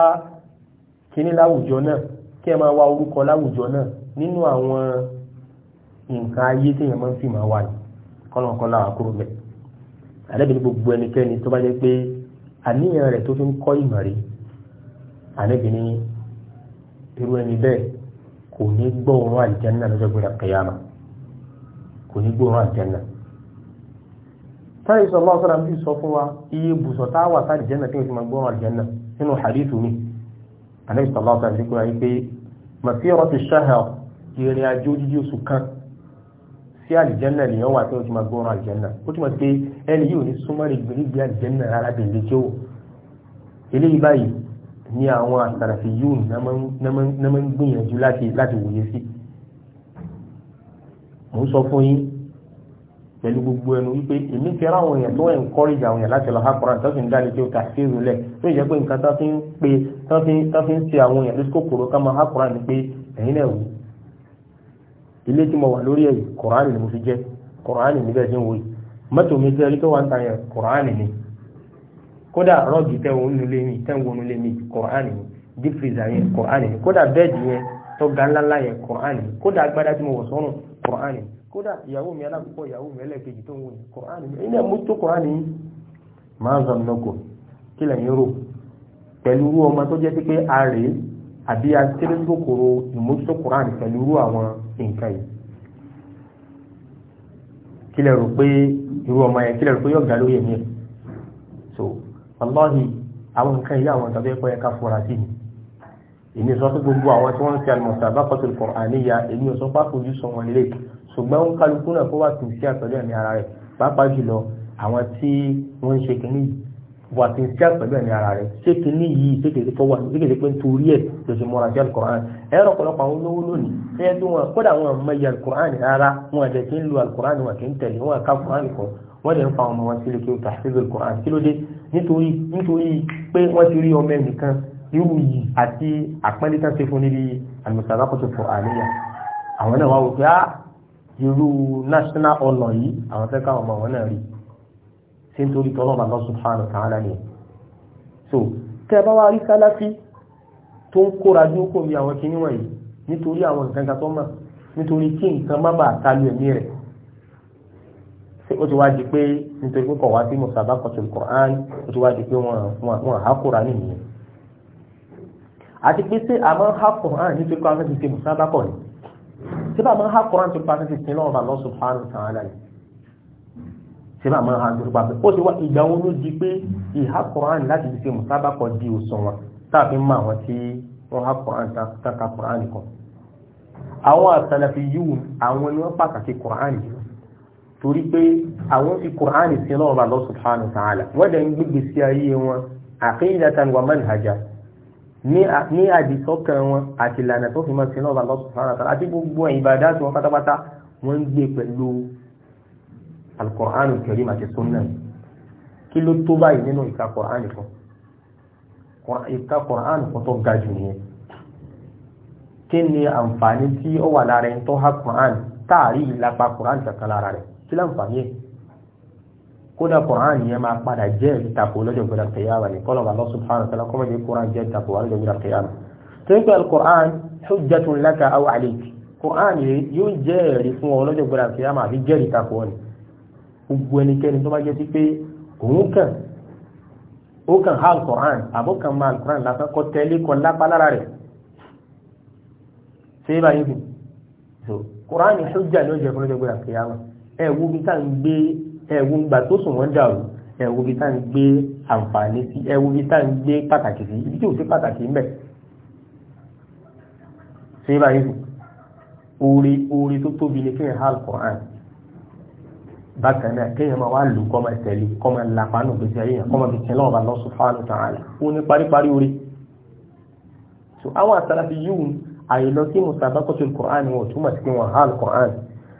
Speaker 1: kíní láwùjọ náà kí ẹ máa wá orúkọ láwùjọ náà nínú àwọn nǹkan ayé tí èèyàn máa ń fi máa wà ní kọ́lọ́kọ́lá àkúrò bẹ́ẹ̀ àdébìnrin gbogbo ẹnikẹ́ni tó bá jẹ́ pé àníyàn rẹ̀ tó fi ń kọ́ ìmọ̀ rí àníbi ní irú ẹni bẹ́ẹ̀ kò ní gbọ́ òórùn àlìjánná lọ́jọ́ gbọ́dọ̀ kẹyàmà kò ní gbọ́ òórùn àlìjánná. táyì sọlá ọ̀sán àbí sọ fún wa iye ibùsọ̀ tá a wà sáà àlìjánná tí wọ́n fi máa gbọ́ òórùn àlìjánná nínú hadithu mi àníbi sọlá ọ̀sán àbí kúrò ayé pé màfíọ́rọ̀ ti ṣáhà ìrìn àjò jíjí oṣù kan sí àlìjánná nìyẹn wà tí wọ́n fi ẹni yìí ò ní súnmọ́ rìgbìrìgbì àjẹ́nà arábìnrin lójú o eléyìí báyìí ni àwọn àsàràfì yìí náà máa ń gbìyànjú láti wòye sí mò ń sọ fún yín pẹ̀lú gbogbo ẹnu wípé èmi fẹ́ràn àwọn èèyàn tó encourage àwọn èèyàn láti lọ ha kọ́ra tó fi ń dá lójú ká sí ìrù lẹ̀ tó yẹ pé nǹkan tó fi ń pe tó fi ń ṣe àwọn èèyàn lóṣù kòkòrò ká máa ha kọ́ra ni pé ẹ̀yin náà wò ilé tí mo wà lórí ẹ̀ kọ́ra ni mo fi jẹ́ kọ́ra ni níbẹ̀ ṣe ń wòye mọ́tò mi sẹ́rí tó wà ń ta kùránì ni kódà rọ́ọ̀gì tẹ́wọ̀n nulé mi tẹ́wọ̀n nulé mi kùránì ni dífìrìsà yẹn kùránì ni kódà bẹ́ẹ̀dì yẹn tó ga ńláńlá yẹn kùránì ni kódà agbádá tí mo wọ̀ sọ́rùn kùránì ni kódà ìyàwó mi alákòókò ìyàwó mi ẹlẹ́ẹ̀kejì tó ń wọ̀nyí kùránì ni ẹni àmú tó kùránì yìí máa ń zọmọ nọkọ kí lẹ́yìn rò pẹ̀lú irú ọmọ tó jẹ́ pé a àbí a kéré irú ọmọ yẹn kílẹ̀ rẹ̀ pé yọ̀gá lóye mi so wàláhì àwọn nǹkan yìí àwọn nǹkan tó yẹ kọ́ yẹ ká fura sí ni èmi sọ pé gbogbo àwọn tí wọ́n ń ṣe al-musabaqatul Qur'aniyya èmi ò sọ pé àfojú sọ wọn lélẹ̀ ṣùgbọ́n kálukú náà kó wà tù sí àtọ́jú ẹ̀mí ara rẹ̀ pàápàá jùlọ àwọn tí wọ́n ń ṣe kìnnìyàn wà tí ń ṣe pẹ̀lú ẹ̀mí ara rẹ̀ ṣé kìíní yìí ṣé kìíní tó wà ní kékeré pé nítorí ẹ̀ ló ṣe múra sí alukur'an ẹ̀rọ ọ̀pọ̀lọpọ̀ àwọn olówó lónìí ṣé ẹ́ bí wọn kódà wọn mọ iye alukur'an rárá wọn àti kí ń lo alukur'an wọn kì í tẹ̀lé wọn ká kur'an kọ wọn lè ń fa ọmọ wọn sílé kí o tà sí alukur'an kí ló dé nítorí nítorí pé wọ́n ti rí ọmọ ẹnìkan irú yìí àti àpẹ́lẹ́ ṣe fún níbi ah, national honour yìí àwọn fẹ́ ṣe nítorí tọ́lọ́ Allah subhanahu wa ta'ala so tẹ́ bá wá rí sálàfí tó ń kóra jú kò bí àwọn kìíní wọ̀nyí nítorí àwọn nǹkan kan tó mọ̀ nítorí kí nǹkan má bàa tálù ẹ̀mí rẹ̀ ó ti wá di pé nítorí pé kọ̀wá sí musabaqatul Qur'an ó ti wá di pé wọ́n á kóra nìyẹn àti pé ṣé àmọ́ ha Qur'an nítorí pé àwọn ti ṣe musabaqah ni ṣé bá àmọ́ ha Qur'an nítorí pé àwọn ti ṣe lọ́wọ́ Allah subhanahu wa ta'ala ni ṣe máa máa hàn nípa pé ó ti wá ìgbà wọn ló di pé ìhà Quran láti fi ṣe mùsábàkọ di òṣùwọ̀n tàbí mọ àwọn tí wọ́n há Quran tàkà Quran kan àwọn àtàlàfi yìí àwọn ni wọ́n pàtàkì Quran yìí torí pé àwọn fi Quran sí náà bá Allah subhanahu wa ta'ala wọ́n dẹ̀ ń gbégbé sí ayé wọn aqidatan wa manhaja ní àdìsọ́kàn wọn àti ìlànà tó fi máa sí náà bá Allah subhanahu wa ta'ala àti gbogbo ìbádà tí wọ́n pátápátá wọ́n ń gbé pẹ̀lú alukur'anu karim àti sunnah kí ló tó báyìí nínú ìka kur'anu kan ìka kur'anu kan tó ga jù nìyẹn kí ni àǹfààní tí ó wà lára ẹni tó ha kur'anu táàrí ìlapa kur'anu kankan lára rẹ̀ kí láǹfààní yẹn kódà kuran yẹn máa padà jẹ́ ìtako lọ́jọ́ gbọ́dọ̀ kẹyàmà ní kọ́nà Allah subhanahu wa ta'ala kọ́mọ̀ jẹ́ kuran jẹ́ ìtako lọ́jọ́ gbọ́dọ̀ kẹyàmà. torí pé alukur'an hujjatun laka aw alayk kuran yìí yóò jẹ́ ẹ̀rí fún ọ lọ́jọ́ gbọ́dọ̀ kẹyàmà àfi jẹ́ ìtako ni gbogbo ẹnikẹ́ni tó bá jẹ́ sí pé òun kàn ó kàn ha alukoran àbó kàn máa alukoran lásán kọ tẹ́lẹ̀ kọ lápá lára rẹ̀ ṣé báyìí kù so koran ni sójà ló jẹ fún ọjọ́ gbéra kéyàmà ẹ wo bí tá à ń gbé ẹ wo gbà tó sùn wọ́n dà o ẹ wo bí tá à ń gbé àǹfààní sí ẹ wo bí tá à ń gbé pàtàkì sí ibi tí ò sí pàtàkì ń bẹ ṣé báyìí kù oore tó tóbi ni kí n ha alukoran bákan náà kéèyàn máa wá lù kọ́mọ tẹ̀lé kọ́mọ làpánù gbèsè ayé yẹn kọ́mọ bìtẹ̀ náà bá lọ subhanahu ta'ala ó ní paríparí orí. so àwọn àsàlàfí yìí àyèlọ sí musabaqatul Qur'an wọn túmọ̀ sí pé wọn hàn Qur'an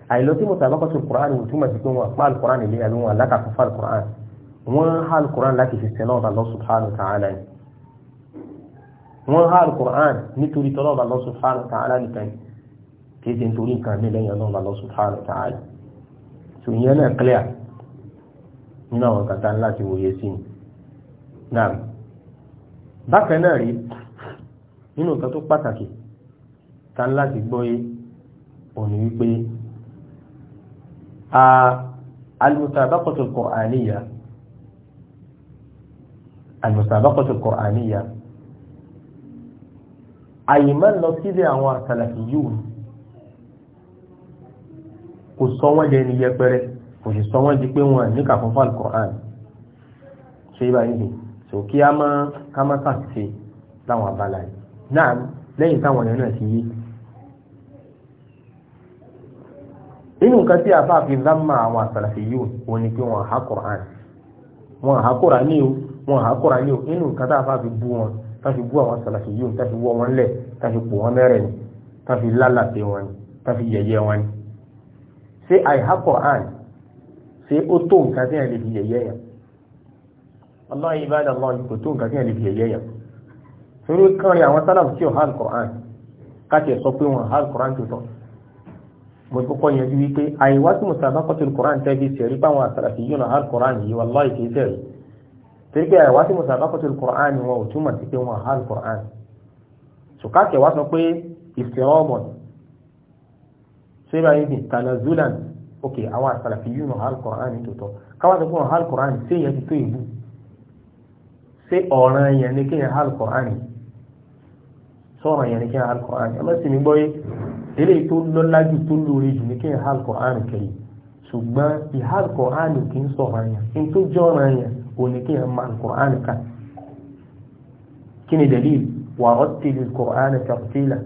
Speaker 1: àyèlọ sí musabaqatul Qur'an wọn túmọ̀ sí pé wọn pa Qur'an ilé àbí wọn alákàtú fa Qur'an wọn hàn Qur'an láti fi tẹ̀ náà bá lọ subhanahu ta'ala ni wọn lẹ́yìn sòyìn náà clear nínú àwọn kàtà ńlá ti wòye sí i náà bákan náà rí nínú nǹkan tó pàtàkì ta ńlá ti gbọ́yé òní wípé a al-musabaqatu al-Qur'aniyya àyè máa ń lọ sílé àwọn Salafiyun kò sọ wọ́n jẹ́ ní yẹpẹrẹ kò sì sọ wọ́n di pé wọ́n ní kàfún fún alukoran ṣe ibà yìí so kí a máa ká máa ṣàṣìṣe láwọn abala yìí náà lẹ́yìn táwọn èèyàn náà ti yé inú nǹkan tí a fà fi dámà àwọn àsàlàfì yìí ò ní pé wọ́n há koran wọ́n há koran ní wọ́n há koran ní inú nǹkan tá a fà fi bú wọn tá bú àwọn àsàlàfì yìí tá wọ́ wọn lẹ̀ tá pò wọn mẹ́rẹ̀ ni tá a wọn ni tá wọn ni ṣé àìhá Quran ṣé ó tó nǹkan tí ẹ̀ lè fi yẹ̀yẹ́ yẹn Allah ibada Allah kò tó nǹkan tí ẹ̀ lè fi yẹ̀yẹ́ yẹn torí kánrin àwọn sálàmù tí ò há Quran káàkiri sọ pé wọn há Quran tó tọ̀ mo kọ́kọ́ yanjú wípé àìwá tí mo sábà kọ́ tó Quran tẹ́ fi ṣẹ̀rí báwọn àsàlàfì yóò náà há Quran yìí wallahi kì í ṣẹ̀rí torí pé àìwá tí mo sábà kọ́ tó Quran wọn ò túmọ̀ sí pé wọn há Quran sùkáàkì wa sọ pé ìfẹ́ ọmọ ni sẹ́yìn yìí ni tanazulan ok àwọn àsàlàfi yìí nù alukur'an tòótọ́ káwọn tó gbọ́n alukur'an sẹ́yìn yẹn ti tó ìlú ṣé ọ̀ràn yẹn ni kéèyàn alukur'an sọ̀ràn yẹn ni kéèyàn alukur'an ẹ má sì mí gbọ́ yé eléyìí tó lọ́lájú tó lórí jù ni kéèyàn alukur'an kiri ṣùgbọ́n ìhà alukur'an kì í sọ̀ràn yẹn ní tó jọ̀ràn yẹn òní kéèyàn má alukur'an ká kí ni dẹ̀lí wàá ọ́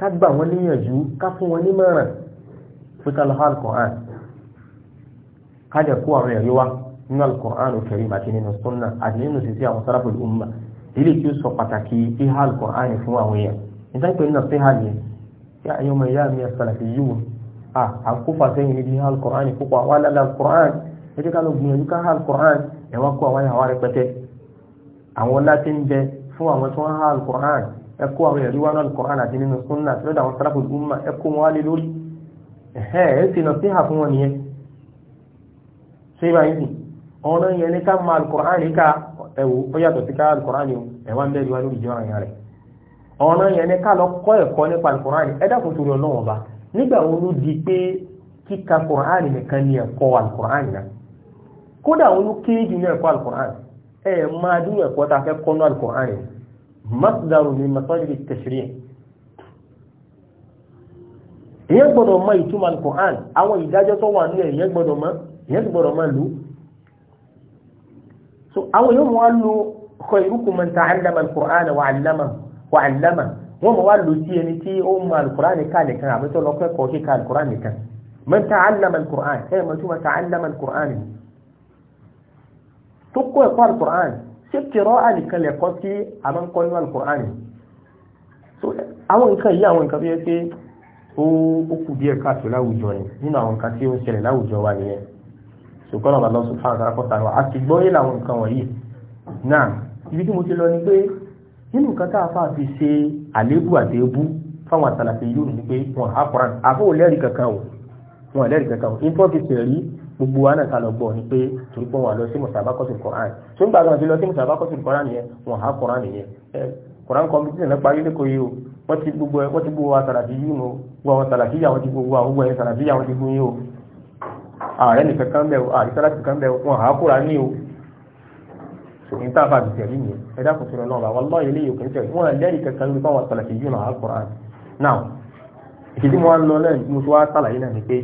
Speaker 1: ká gbà wọ́n níyànjú ká fún wọn nímọ̀ràn pẹ̀lú alquran ká jẹ́ kó àwọn ẹ̀rí wá nínú alquran karim àti nínú sunna àti nínú sísí àwọn saraful umma ilé tí ó sọ pàtàkì ihà alquran fún àwọn èèyàn nítorí pé nínú síhà yẹn yá ayé ọmọ ìyá mi ẹ̀sàlàfì yìí à à ń kópa sẹ́yìn níbi ihà alquran kópa wà lálẹ́ alquran ẹ jẹ́ ká lọ gbìyànjú ká hà alquran ẹ̀ wá kó àwọn ìhàwá rẹpẹtẹ àwọn ọlá ń bẹ fún àwọn tó ń hà alquran ẹkọ́ àwọn ẹ̀rí wá lọ́dún kọ̀ọ̀kan àti nínú súnà tí lọ́dọ̀ àwọn sáráfù umma ẹkọ́ wọn wálé lórí ẹ̀hẹ́ ẹ̀ sì lọ sí hà fún wọn nìyẹn ṣé ibà yìí ọ̀nà yẹn ní ká máa alukọ̀ọ̀kan rí ká ẹ̀wò ó yàtọ̀ sí ká alukọ̀ọ̀kan rí ẹ̀wà ń bẹ́ẹ̀ wá lórí ìjọ àyàn ọ̀nà yẹn ní ká lọ kọ́ ẹ̀kọ́ nípa alukọ̀ọ̀kan ẹ̀dá kò ni ẹ̀kọ́ alukọ̀ọ̀kan náà kódà wọn ló kéré jù ní ẹ̀kọ́ alukọ̀ọ̀kan ẹ̀ máa dúró ẹ̀kọ́ tá a masdaru من مصادر at-tashri' ìyẹn gbọ́dọ̀ القرآن، أو al-Qur'an àwọn ìdájọ́ tó wà nílẹ̀ ìyẹn so àwọn yóò mọ wá lu khayrukum man وعلمه al-Qur'an wa 'allamahu wa 'allamahu wọ́n mọ̀ wá lò sí ẹni tí ó mọ alukur'an nìkan nìkan àbí tó lọ kẹ́kọ̀ọ́ kíka alukur'an nìkan man ta'allama alukur'an ẹ̀ mọ̀ tó ma ta'allama alukur'an tó kọ́ ẹ̀kọ́ alukur'an ṣé kìrọ́ ànìkan lẹ̀kọ́ sí àmọ́ńkọ́ nínú so àwọn nǹkan yìí àwọn nǹkan bí wọ́n pé ó kù díẹ̀ káàtó láwùjọ ni nínú àwọn nǹkan tí ó ń ṣẹlẹ̀ láwùjọ wa nìyẹn ṣùgbọ́n ọ̀bà lọ́sùn fún àwọn akọ́ta wa a ti gbọ́ yìí làwọn nǹkan wọ̀nyí náà ibi tí mo ti lọ ni pé nínú nǹkan tá a fà fi ṣe àléébù àti ebú fáwọn àtàlàfẹ́ yìí ni pé wọn àkọ́ra àbó lẹ́rìí kankan o wọn lẹ́rìí kankan gbogbo wa náà ká lọ gbọ́ ni pé torí pé wọn lọ sí musabakọsí koran tó ń gbà kan ti lọ sí musabakọsí koran yẹn wọn ha koran yẹn ẹ koran kọmpitì náà parí lẹkọọ yìí o wọn ti gbogbo ẹ wọn ti gbogbo wa sàràfí yìí mo gbogbo àwọn sàràfí yà wọn ti gbogbo àwọn gbogbo ẹ sàràfí yà wọn ti gbogbo yìí o ààrẹ nìkan kan bẹ o ààrẹ sàràfí kan bẹ o wọn ha koran ni o sòkìn tá a fa bìtẹ̀lì yẹn ẹ dákun sọ̀rọ̀ náà wà lọ́ọ̀ yẹlẹ́ yòókè tẹ̀ wọn lẹ́rìí kankan lórí báwọn sàràfí yìí náà há koran now ìdí mo wá lọ lẹ́yìn mo tún wá sàlàyé náà ni pé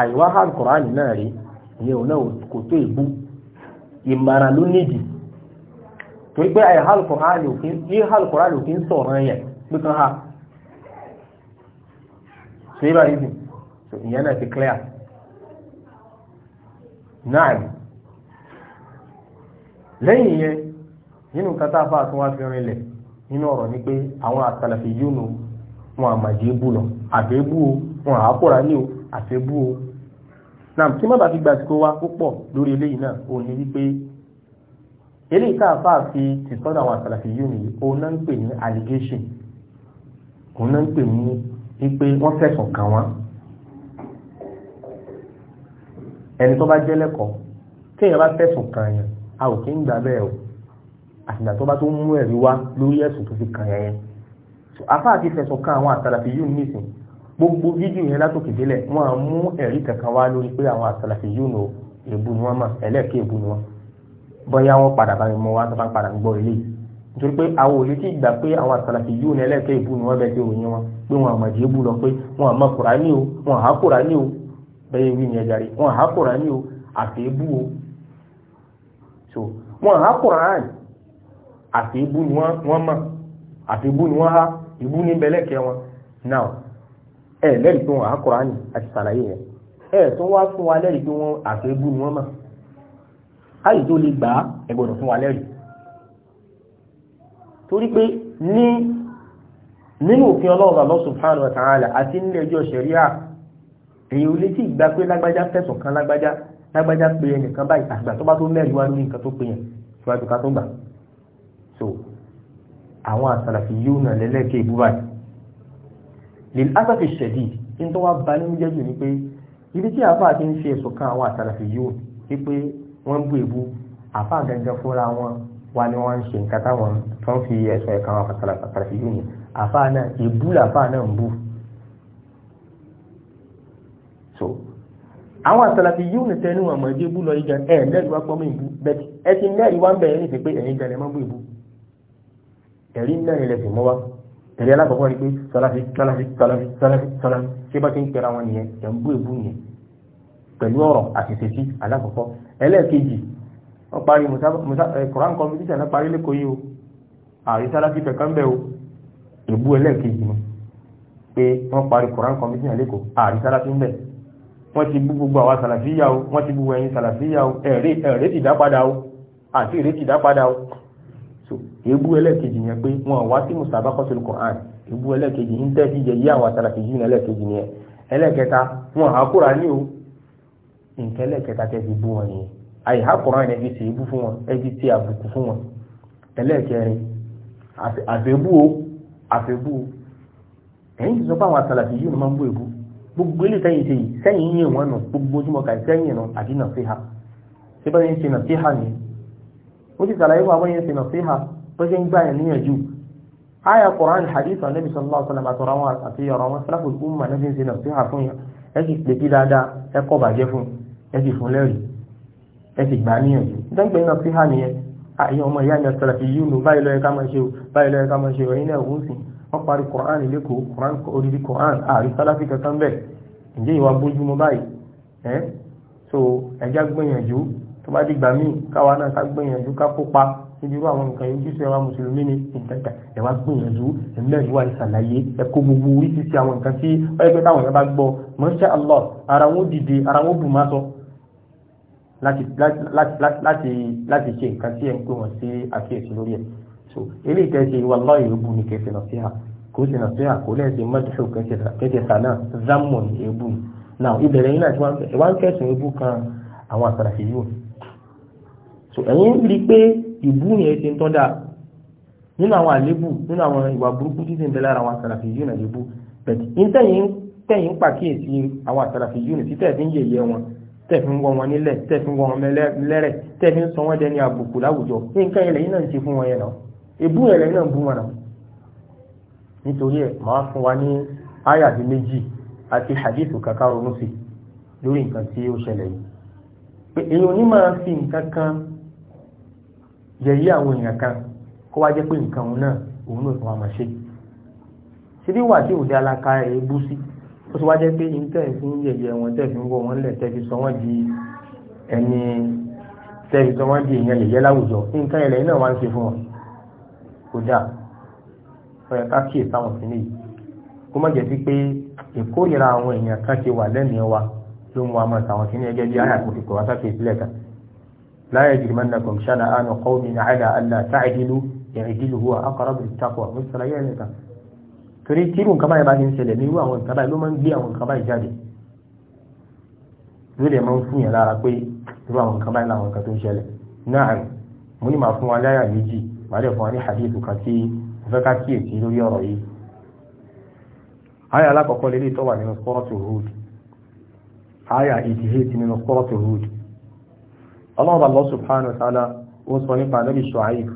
Speaker 1: àyíwá ha koran náà rí ìyẹn ò náà kò tó ìbú ìmọ̀ràn ló nídìí torí pé ẹ̀ hálùkùránì òkè ń sọ̀rọ̀ yẹn ha ṣe bá yìí so ìyẹn náà ti clear náà lẹ́yìn yẹn nínú nǹkan tá a fà wá fi nínú ọ̀rọ̀ ni pé àwọn àtàlàfẹ́ yóò nù wọn àmàjẹ́ bù lọ o wọn o náà tí má bàá fi gbàsíkò wa púpọ̀ lórí eléyìí náà ò ní wípé eléyìí tá a fà fi ti sọ́dọ̀ àwọn àsàlàfí yìí nìyí òun náà ń pè ní allegation òun náà ń pè ní wípé wọ́n fẹ̀sùn kàn wọ́n ẹni tó bá jẹ́ lẹ́kọ̀ọ́ kéèyàn bá fẹ̀sùn kàn yẹn a ò kí ń gbà bẹ́ẹ̀ o àtìgbà tó bá tó mú ẹ̀rí wá lórí ẹ̀sùn tó fi kàn yẹn yẹn àfáà ti fẹ̀sùn kàn àwọn àsàlàfí yìí nìsín gbogbo fídíò yẹn látòkè délẹ̀ wọ́n á mú ẹ̀rí kankan wá lórí pé àwọn àsàlàfì yìí nù èbú ni wọ́n mọ̀ ẹlẹ́ẹ̀kẹ́ èbú ni wọ́n bóyá wọ́n padà bá mi mọ wá tó bá padà ń gbọ́ ilé yìí nítorí pé àwọn òlé tí gbà pé àwọn àsàlàfì yìí nù ẹlẹ́ẹ̀kẹ́ èbú ni wọ́n bẹ́ẹ̀ tí òyìn wọn pé wọn àmọ̀jì èbú lọ pé wọn àmọ̀ kùránì o wọn àá kùránì o bẹ́ẹ̀ wí ni ẹja rí wọn àá kùránì o àfi èbú o so wọn àá kùránì àfi èbú ni wọ́n mọ̀ àfi èbú ni wọ́n há èbú ni bẹ́lẹ̀kẹ́ now ẹ lẹ́rìí tó wọn àkùránì àti sàlàyé yẹn ẹ tó wá fún wa lẹ́rìí tó wọn àfẹ́gbù ni wọ́n mọ̀ káyì tó lè gbà á ẹ gbọ́dọ̀ fún wa lẹ́rìí torí pé ní nínú òfin ọlọ́run Allah subhanahu wa àti nílé ẹjọ́ èyí ò lè tí pé lágbájá fẹ̀sùn kan lágbájá lágbájá pé ẹnìkan báyìí àgbà tó bá tó mẹ́rin wá lórí nǹkan tó pe lè lásàfi ṣẹ̀dì tí tó wá bá nínú jẹ́jù ní pé ibi tí àfáà ti ń fi ẹ̀sùn kan àwọn àtàlàfì yóò ní pé wọ́n bú èbú àfáà gangan fúnra wọn wá ní wọ́n ń ṣe nǹkan táwọn tó ń fi ẹ̀sùn ẹ̀ka àwọn àtàlàfì yóò ní àfáà náà èbú làfáà náà ń so àwọn àtàlàfì yóò ní tẹnu àmọ́ ẹjẹ́ bú lọ ìjà ẹ̀ mẹ́rin wá pọ́ mọ́ ìbú bẹ́ẹ̀ ẹ ti mẹ́rin wá ń bẹ̀rẹ̀ ní tẹ̀lé alákọ̀ọ́kọ́ ni pé sàlàfí sàlàfí sàlàfí sàlàfí sàlàfí ṣé bá ti ń pẹ̀ra wọn nìyẹn tẹ̀ ń bú èbú yẹn pẹ̀lú ọ̀rọ̀ àtìsẹ́sí alákọ̀ọ́kọ́ ẹlẹ́ẹ̀kejì wọ́n parí koran eh, competition náà parí lẹ́kọ̀ọ́ yìí o àrí sàlàfí fẹ̀kán bẹ́ẹ̀ o èbú ẹlẹ́ẹ̀kejì ni pé wọ́n parí koran competition lẹ́kọ̀ọ́ àrí sàlàfí ń bẹ̀ wọ́n ti bú gbogbo àwa sàlàfí yà o wọ́n ti bú ẹ̀yin sàlàfí yà o ẹ̀rẹ́ ìdápadà o àti ìrètí ìdápadà o so èébú ẹlẹ́ẹ̀kejì yẹn pé wọn wá sí musabaqatul an èébú ẹlẹ́ẹ̀kejì ń tẹ́ jíjẹ yí àwọn àtàlàkì yìí ní ẹlẹ́ẹ̀kejì yẹn ẹlẹ́ẹ̀kẹta wọn á kóra ní o nǹkan ẹlẹ́ẹ̀kẹta tẹ́ fi bú wọn yẹn àyè á kóra yẹn fi ṣe èébú fún wọn ẹ ṣe àbùkù fún wọn ẹlẹ́ẹ̀kẹrin àfẹ́bú o àfẹ́bú o ẹ̀yìn ti sọ pé àwọn àtàlàkì yìí máa ń bú èébú gbogbo ilé tẹ́yìn ṣe yìí sẹ́yìn yìí wọn nù gbogbo ojúmọ́ ó ti sàlàyé wà wọ́nyẹn sinà sí ha tó ṣe ń gbà yẹn níyànjú aya Qur'an hadith anabi sallallahu alaihi wa sallam àtọ̀rọ̀ àwọn àti ọ̀rọ̀ àwọn sàlàfù umma anabi sinà sí ha fún yẹn ẹ sì pè sí dáadáa ẹ kọ́ bàjẹ́ fún ẹ sì fún lẹ́rìí ẹ sì gbà níyànjú dẹ́gbẹ́ iná sí ha nìyẹn àyè ọmọ ìyá ni sàlàfì yìí lò báyìí lọ́yẹ tó bá dìgbà míì káwa náà ká gbìyànjú ká kópa níbi irú àwọn nǹkan ojúṣe wa mùsùlùmí ni ìtẹ̀tẹ̀ ẹ wá gbìyànjú ẹ̀mílẹ̀ ìwà ìsàlàyé ẹ kó gbogbo oríṣiríṣi àwọn nǹkan tí ọ̀yẹ́ pé táwọn èèyàn bá gbọ́ masha Allah ara wọn dìde ara wọn bù má sọ láti láti ṣe nǹkan tí ẹ̀ ń pè wọ́n sí àkíyèsí lórí ẹ̀ so eléyìí tẹ́ ṣe wallahi èébù ni kẹfì náà sí à kò sí náà sí à kò lẹ́ẹ̀ ṣe mọ́tò kẹfì sànà zamon èébù náà ìbẹ̀rẹ̀ kan àwọn àtàràṣe yìí so ẹ̀yin rí i pé ìbú yẹn ti ń tọ́ dáa nínú àwọn àlébù nínú àwọn ìwà burúkú tí ti ń bẹ lára àwọn àsàlàfì yìí nà lébù bẹ̀tì ìtẹ̀yìn tẹ̀yìn pàkíyèsí àwọn àsàlàfì yìí nì títẹ̀ fi ń yẹ̀yẹ́ wọn tẹ̀ fi ń wọ wọn nílẹ̀ tẹ̀ fi ń wọ wọn lẹ́rẹ̀ tẹ̀ fi ń sọ wọn dẹni àbùkù láwùjọ nǹkan ilẹ̀ yìí náà ń ṣe fún wọn yẹn náà ìbú yẹn lẹ́yìn náà ń bú wọn náà hadithu kàkà ronú sí lórí nǹkan tí ó ṣẹlẹ̀ yìí pé yẹ̀yí àwọn èèyàn kan kó wá jẹ́ pé nǹkan òun náà òun náà fún wa máa ṣe síbí wà tí òde alaka èébú sí ó sì wá jẹ́ pé ní tẹ́ẹ̀ fi ń yẹ̀yẹ́ wọn tẹ́ẹ̀ fi ń wọ wọn lẹ̀ tẹ́ẹ̀ fi sọ wọ́n di ẹni tẹ́ẹ̀ fi sọ wọ́n di èèyàn yẹ̀yẹ́ láwùjọ nǹkan ẹ̀rẹ̀ náà wá ń ṣe fún wọn kò dáa ọ̀yẹ̀ ká kíyè sáwọn sí ní kó má jẹ́ sí pé ìkórìíra àwọn èèyàn kan ti wà lẹ́mìí لا يجرمنكم شنآن قوم على ألا تعدلوا يعدل هو أقرب للتقوى مثل يعلمك torí tí nǹkan báyìí bá ti ń ṣẹlẹ̀ ní irú àwọn nǹkan báyìí ló máa ń gbé àwọn nǹkan báyìí jáde ló dẹ̀ máa ń fún yàn lára pé irú àwọn nǹkan báyìí làwọn nǹkan tó ń ṣẹlẹ̀ náà mo ní màá fún wa láyà méjì màá dẹ̀ fún wa ní hadith kan tí mo fẹ́ ká kíyèsí lórí ọ̀rọ̀ yìí. àyà alákọ̀ọ́kọ́ lélẹ́yìí tó wà nínú Suratu Hud àyà eighty eight nínú Suratu Hud ọlọ́ọ̀bà Allah subhanahu wa ta'ala ó sọ nípa nabi Shu'aib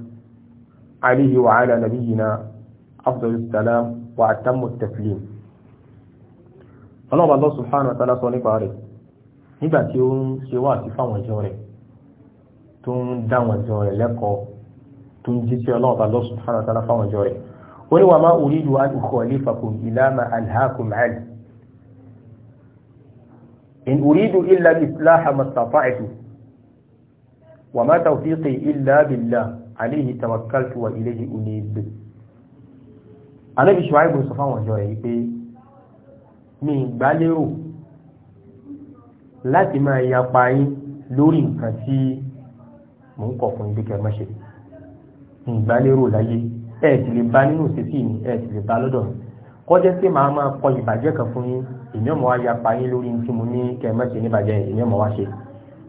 Speaker 1: alayhi wa ala nabiyyina afdalus الله wa atammu taslim ọlọ́ọ̀bà Allah subhanahu wa ta'ala sọ nípa rẹ̀ nígbà tí ó ń ṣe wá àti fáwọn ìjọ rẹ̀ tó ń dá àwọn ìjọ rẹ̀ lẹ́kọ̀ọ́ tó ń jíṣẹ́ ọlọ́ọ̀bà Allah subhanahu wa fáwọn ìjọ rẹ̀ ó ní wa ma uridu an ukhalifakum ila ma alhaakum anhu in uridu illa al-islaha mastata'tu wa ma tawfiqi illa billah alayhi tawakkaltu wa ilayhi unib anabi shuaibu sọ fáwọn ọjọ́ rẹ̀ pé mi gbálérò láti máa yapa yín lórí nǹkan tí mò ń kọ̀ fún yín dékẹ́ má ṣe mi gbálérò láyé ẹ ti lè bá nínú òṣèṣì mi ẹ ti lè bá lọ́dọ̀ mi kọjá pé màá máa kọ ìbàjẹ́ kan fún yín èmi ọmọ wa yapa yín lórí tí mo ní kẹ́ má ṣe níbàjẹ́ èmi ọmọ wa ṣe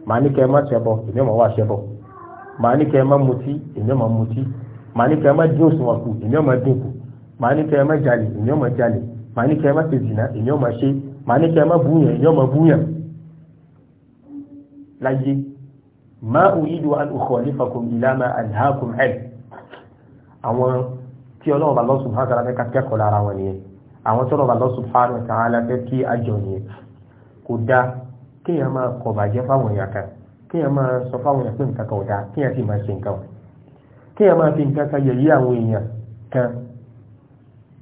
Speaker 1: màá ní kẹ́ ẹ má ṣẹbọ èmi ọmọ wa ṣẹbọ màá ní kẹ́ ẹ má mutí èmi ọmọ mutí màá ní kẹ́ ẹ má dín òṣùwọ̀n kù èmi ọmọ dín kù màá ní kẹ́ ẹ má jalè èmi ọmọ jalè màá ní kẹ́ ẹ má ṣe zìnà èmi ọmọ ṣe màá ní kẹ́ ẹ má búyàn èmi ọmọ búyàn. láyé má uridu an ukhalifakum ila ma alhaakum ẹ̀ àwọn tí ọlọ́run bá lọ́sùn fún àtàrà fẹ́ ká kẹ́kọ̀ọ́ lára wọn nìyẹn àwọn tọ́lọ́ bá lọ́sùn fún àtàrà fẹ́ kí àjọ nìyẹn kò dáa kéèyàn máa kọ̀ bàjẹ́ fáwọn èèyàn kan kéèyàn máa sọ fáwọn èèyàn pé nǹkan kan ò dáa sì máa ṣe nǹkan ò kéèyàn máa fi nǹkan kan yẹ̀yí àwọn èèyàn kan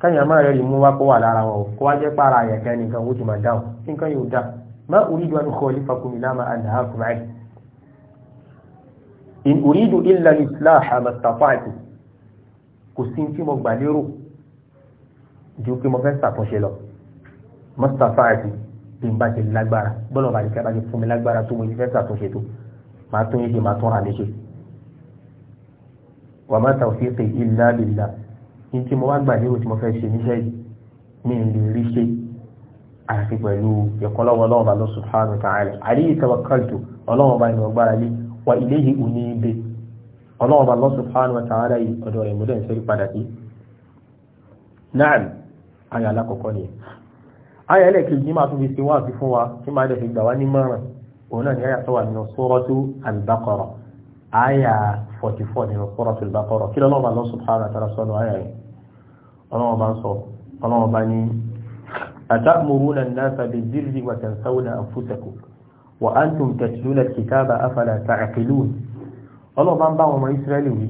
Speaker 1: káyàn máa rẹ̀ mú wá kó wà lára wọn kó wá jẹ́ pàrà àyẹ̀ kan nìkan ó ti máa dáhùn nǹkan yóò dáa má orídu an ukhalifakum ila ma anhakum in orídu illa al-islaha kò sí tí mo gbà lérò ju pé mo fẹ́ ṣàtúnṣe lọ mastata'tu bí n bá ti lágbára bọ́lá ọba àdìkẹ́ bá ti fún mi lágbára tó mo ti fẹ́ ṣàtúnṣe tó màá tún yé ṣe màá tún ra léṣe. wà á má tawfiqi illa billah ní tí mo wá gbà lérò tí mo fẹ́ ṣe níṣẹ́ yìí mi ì lè rí ṣe àyàfi pẹ̀lú ìkọlọ́wọ́ ọlọ́run bá lọ subhanahu wa ta'ala alayhi tawakkaltu ọlọ́run bá ní mo gbára lé wa ilayhi unibu ọlọ́run bá lọ subhanahu wa ta'ala yìí ọ̀dọ̀ rẹ̀ ń sẹ́rí padà sí. náà àyà alákọ̀ọ́kọ́ nìyẹn aya ẹlẹ́kejì ní máa tún fi ṣe wá sí fún wa tí máa dẹ̀ fi gbà wá ní mọ́ràn òun náà ní aya tó wà nínú sọ́rọ́tù al-Baqara aya forty four nínú sọ́rọ́tù al kí lọ́wọ́ bá lọ subhanahu wa ta'ala sọ́nù aya yẹn ọlọ́wọ́ bá ń sọ ọlọ́wọ́ bá ní atamuruna an-nasa bil-birri wa tansawna anfusakum wa antum tatluna al afala ta'qilun ọlọ́wọ́ bá ń bá wọn ọmọ Ísírẹ́lì wí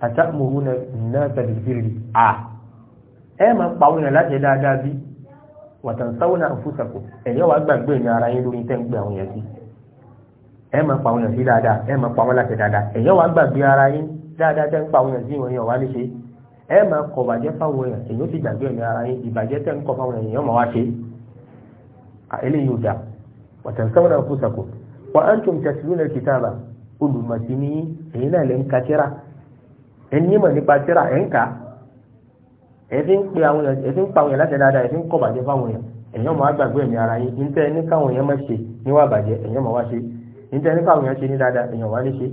Speaker 1: atamuruna an-nasa bil-birri à ẹ máa ń pa àwọn èèyàn láti dáadáa bíi wàtàǹsáwọ́nà àfúsàkù ẹ̀yọ́ wàá gbàgbé ní ara yín lórí tẹ́ǹgbé àwọn yẹn sí ẹ máa pa àwọn yẹn sí dáadáa ẹ máa pa wọn láti dáadáa ẹ̀yọ́ wàá gbàgbé ara yín dáadáa tẹ́ ń pa àwọn yẹn sí ìwọ̀n yẹn wàá léṣe ẹ máa kọ̀ bàjẹ́ fáwọn yẹn èyí ó ti gbàgbé ní ara yín ìbàjẹ́ tẹ́ ń kọ̀ fáwọn yẹn yọ́ máa wá ṣe eléyìí ò dà wàtàǹsáwọ́nà àfúsàkù wà á ń tún tẹ̀sílúnà ẹ̀fí ń pe àwọn èèyàn ẹ̀fí ń pa àwọn èèyàn láti dáadáa ẹ̀fí ń kọ̀ bàjẹ́ ara yín níta ní káwọn èèyàn se ṣe níwà bàjẹ́ èèyàn máa wá ṣe níta ní káwọn èèyàn ṣe ní dáadáa èèyàn wá ní ṣe.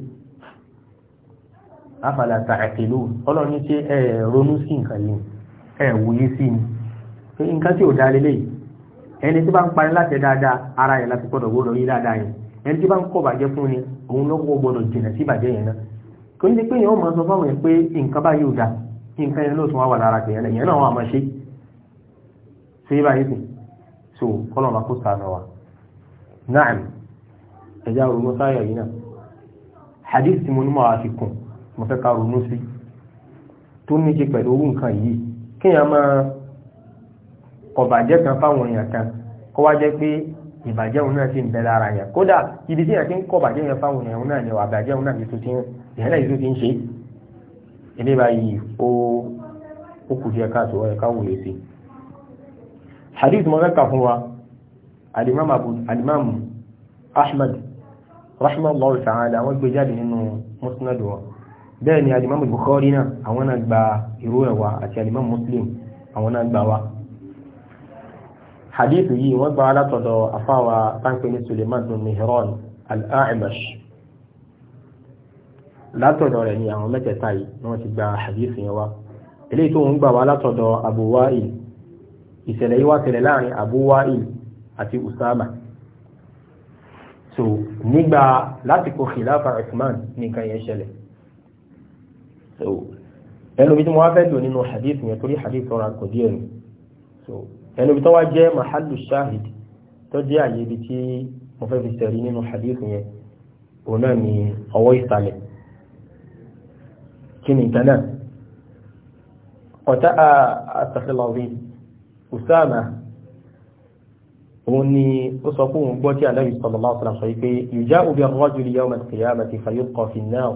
Speaker 1: afàlà tààkìlú ọlọ́run ní ṣe ẹ ronú sí nǹkan yìí ẹ wòye sí ni pé nǹkan tí ò dá lélẹ̀ bá ń parí láti dáadáa ara yẹn láti gbọ́dọ̀ gbọ́dọ̀ yí dáadáa yẹn ẹni tí bá ń bàjẹ́ fún ni òun jìnà sí bàjẹ́ yẹn náà kò ní pé nǹkan yẹn lóòtún wà wà lára tèèyàn lẹ́yìn náà wọn àmọ́ ṣe ṣe é báyìí sìn so kọ́nà ọ̀la kó sànù wa náà ẹ̀já ronú sáyà yìí náà hadith tí mo ní máa fi kùn mo fẹ́ ká ronú sí tó ní ṣe pẹ̀lú owó nǹkan yìí kéèyàn máa kọ̀bàjẹ́ kan fáwọn èèyàn kan kó wá jẹ́ pé ìbàjẹ́ òun náà ti ń bẹ lára yẹn kódà ibi tí èèyàn ti ń kọ̀bàjẹ́ yẹn fáwọn èèyàn náà ni wà bàjẹ́ òun náà ti tún ti ń ṣe ilé báyìí ó ó kù díẹ̀ káàtó ẹ̀ káwò lè sí hadith mọ́lẹ́kà fún wa alimam abu alimam ahmad rahimahullah ta'ala wọ́n gbé jáde nínú musnad wọn bẹ́ẹ̀ ni alimam bukhari náà àwọn náà gba irú ẹ̀ wa àti alimam muslim àwọn náà gba wa hadith yìí wọ́n gba alátọ̀dọ̀ afáwa táǹpẹ́ ní suleiman bin mihran al-a'mash látọ̀dọ̀ rẹ̀ ni àwọn mẹ́tẹ̀ẹ̀ta yìí ni wọ́n ti gba hadith yẹn wá eléyìí tó ń gbà wá látọ̀dọ̀ Abu Wa'il ìṣẹ̀lẹ̀ yìí wá tẹ̀lẹ̀ láàrin Abu Wa'il àti Usama so nígbà lásìkò khilafa Uthman nìkan yẹn ṣẹlẹ̀ so ẹnu bí tí mo wá fẹ́ lò nínú hadith yẹn torí hadith tọ́ra kò díẹ̀ nù so ẹnu bí tó wá jẹ́ mahalu shahid tó jẹ́ àyè ibi tí mo fẹ́ fi sẹ̀rí nínú hadith yẹn òun náà ni ọwọ́ ìsàlẹ̀ kí ni nǹkan náà ọ̀tá àtàfẹ́lọ́wí Usama òun ni ó sọ fún òun gbọ́ tí Ànábì sallallahu alaihi wasallam sọ pé yuja'u bir-rajuli yawma al-qiyamati fayulqa fin-nar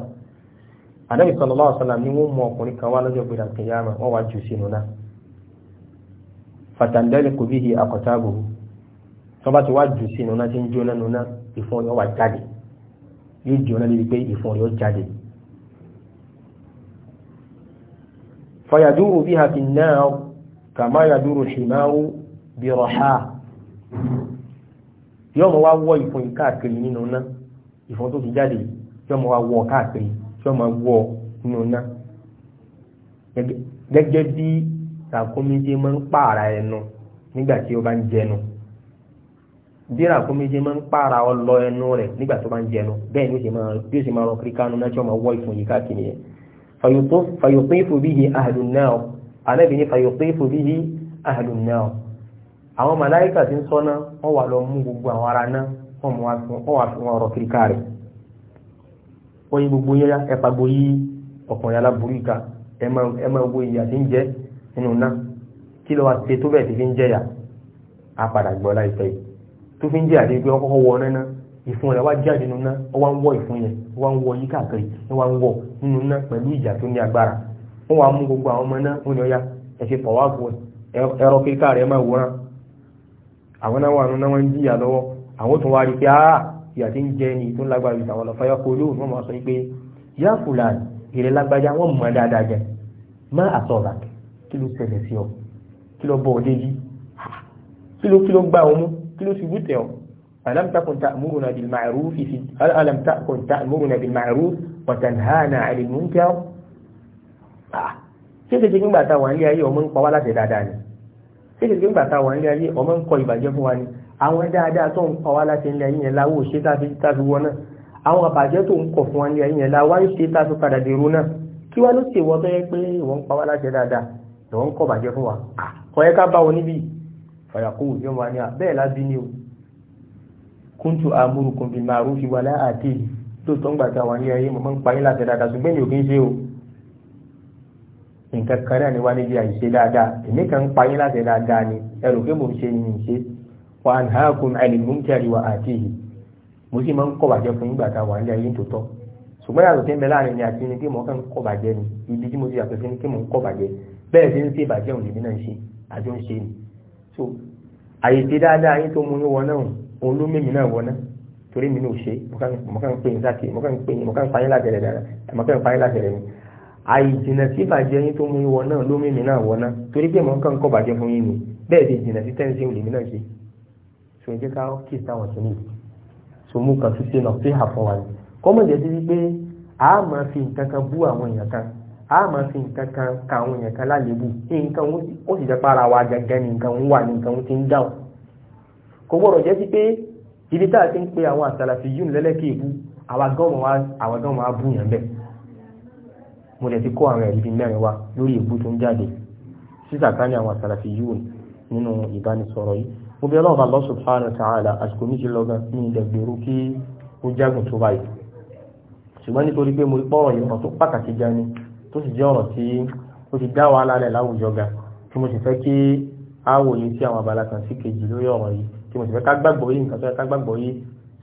Speaker 1: Ànábì sallallahu alaihi wasallam ni wọ́n mú ọkùnrin kan wá lọ́jọ́ gbèrè al-qiyama wọ́n wá jù sínú náà fatandaliqu bihi aqtabuhu tó bá ti wá jù sínú náà ti ń jóná nù náà ìfun yóò jáde yóò jóná lórí pé ìfun jáde فيدور بها في النار كما يدور الحمار برحاه yóò mọ wá wọ ìfun yìí káàkiri nínú ná ìfun tó fi jáde yóò mọ wá wọ káàkiri yóò mọ wọ nínú ná gẹ́gẹ́ bí ràkúnmíjẹ máa ń pààrà ẹnu nígbà tí ó bá ń jẹnu bí ràkúnmíjẹ máa ń pààrà ọlọ ẹnu rẹ̀ nígbà tó bá ni ó sì máa bí ó sì máa rọ kiri kánú náà tí ó máa wọ ìfun fàyòpínfò bí i ahàlù náà anábì ní fàyòpínfò bí i ahàlù náà àwọn màláìkà tí ń sọ́nà wọ́n wà lọ mú gbogbo àwọn ara náà wọ́n wà fi wọn ọ̀rọ̀ kiri káàrẹ̀ wọ́n yí gbogbo yẹn ẹ̀pàgbò yí ọkùnrin aláburú ìka ẹ ìyà tí ń jẹ nínú náà kí lọ́wọ́ àti tó bẹ́ẹ̀ ti fi ń jẹ́yà á láìpẹ́ tó fi ń jẹ́ àdégbé ọkọ̀ wọ náà ìfun rẹ̀ wá jáde nínú ná ó wá ń wọ́ ìfun yẹn ó wá ń wọ́ yí káàkiri ó wá ń wọ́ nínú ná pẹ̀lú ìjà tó ní agbára wọ́n wá mú gbogbo àwọn ọmọ náà wọ́n ní ọ̀yá ẹ ṣe pọ̀ wá fún ẹ̀rọ kíkà rẹ̀ máa wòran àwọn náà wà nínú wọn ń jìyà lọ́wọ́ àwọn tó wá rí pé áà ìyà tí ń jẹ ni tó lágbára ju tàwọn lọ́fà yọkọ olóòrùn wọn máa sọ ألم تكن تأمرنا بالمعروف في ألم تكن تأمرنا بالمعروف وتنهانا عن المنكر ah ṣé kìí ṣe nígbà tá wà nílé ayé ọmọ ń pa wá láti dáadáa ni ṣé kìí ṣe nígbà tá wà nílé ayé ọmọ ń kọ ìbàjẹ́ fún wa ni àwọn dáadáa tó ń pa wá láti nílé ayé yẹn láwọ́ ṣe táfi táfi wọ́n náà àwọn àbàjẹ́ tó ń kọ̀ fún wa nílé ayé yẹn láwọ́ ń ṣe táfi padà dèrò náà kí wá ló ṣe tó yẹ pé ìwọ́n ń pa wá láti dáadáa ìwọ́n ń kọ̀ bàjẹ́ fún wa kọ̀ ká bá wọn níbi kúntù amúrukùn bí màrú fi wà láàdì tó tó ń gbàgbà wà ní ayé mo máa ń pa yín láti dáadáa ṣùgbọ́n èmi ò kí ń o nǹkan kan náà ni wá níbi àìṣe dáadáa èmi kan ń pa yín láti dáadáa ni ẹrù pé mo ń ṣe ni mi ń ṣe wà á nà kún mo sì máa ń kọ̀ bàjẹ́ fún yín gbàgbà wà ní ayé tó tọ́ ṣùgbọ́n yàtọ̀ tí ń bẹ ni àti ni pé mo kàn ń kọ̀ bàjẹ́ ni ibi tí mo ti yàtọ̀ ni pé mo ń kọ̀ bàjẹ́ bẹ́ẹ̀ ti ń ṣe ìbàjẹ́ òun lèmi náà ń ṣe àjọ ń ṣe ni so àyè ti dáadáa yín tó mú yín wọ náà òun ló mímì náà wọná torí mi náà ṣe mo kàn ń pè yín sáàkì mo kàn ń pè yín mo kàn ń fayín lágẹ̀rẹ̀ dára mo kàn ń fayín lágẹ̀rẹ̀ mi àìjìnà sí ìbàjẹ́ yín tó mú ìwọ náà ló mímì náà wọná torí pé mo kàn ń kọ́ bàjẹ́ fún yín ni bẹ́ẹ̀ ti jìnà sí tẹ́ǹsì òlì mi náà ṣe so jẹ́ ká kí táwọn sí ni so mo kàn sí ṣe náà fi hà fún wa ni kọ́mọ̀jẹ́ sí wípé a máa fi nǹkan kan bú àwọn èèyàn kan a máa fi nǹkan kan ka àwọn èèyàn kan lálébù nǹkan ó sì jẹ́ pé ara wa nǹkan ń wà nǹkan ó ti ń dáhùn kò gbọ́dọ̀ jẹ́ sí pé ibi tá a ti ń pe àwọn àsàlàfì yìí lẹ́lẹ́kẹ̀ ìbú àwa gan máa bú yàn bẹ́ẹ̀ mo lè ti kó àwọn ẹ̀rí bíi mẹ́rin wá lórí ìbú tó ń jáde sísà àwọn àsàlàfì yìí nínú ìbánisọ̀rọ̀ yìí mo bí ọlọ́ọ̀bá Allah subhanahu ta'ala àsìkò méjì lọ́gán ní ilẹ̀ gbèrú kí ó jágùn tó báyìí ṣùgbọ́n nítorí pé mo ni tó sì jẹ́ ọ̀rọ̀ tí ó ti dá wàhálà rẹ̀ láwùjọ ga tí mo sí àwọn abala sí kejì lórí ọ̀rọ̀ yìí tí mo sì fẹ́ ká gbàgbọ́ yìí nǹkan tó yẹ ká gbàgbọ́ yìí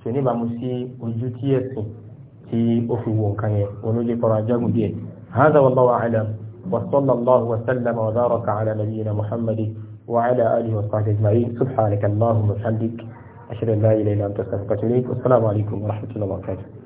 Speaker 1: ṣe níbàámu sí ojú tí ẹ̀sìn tí ó fi wọ nǹkan yẹn olóye kọ́ra jágùn díẹ̀. هذا والله أعلم وصلى الله وسلم وبارك على نبينا محمد وعلى آله وصحبه أجمعين سبحانك اللهم وبحمدك أشهد أن لا إله إلا أنت أستغفرك وأتوب إليك والسلام عليكم ورحمة الله وبركاته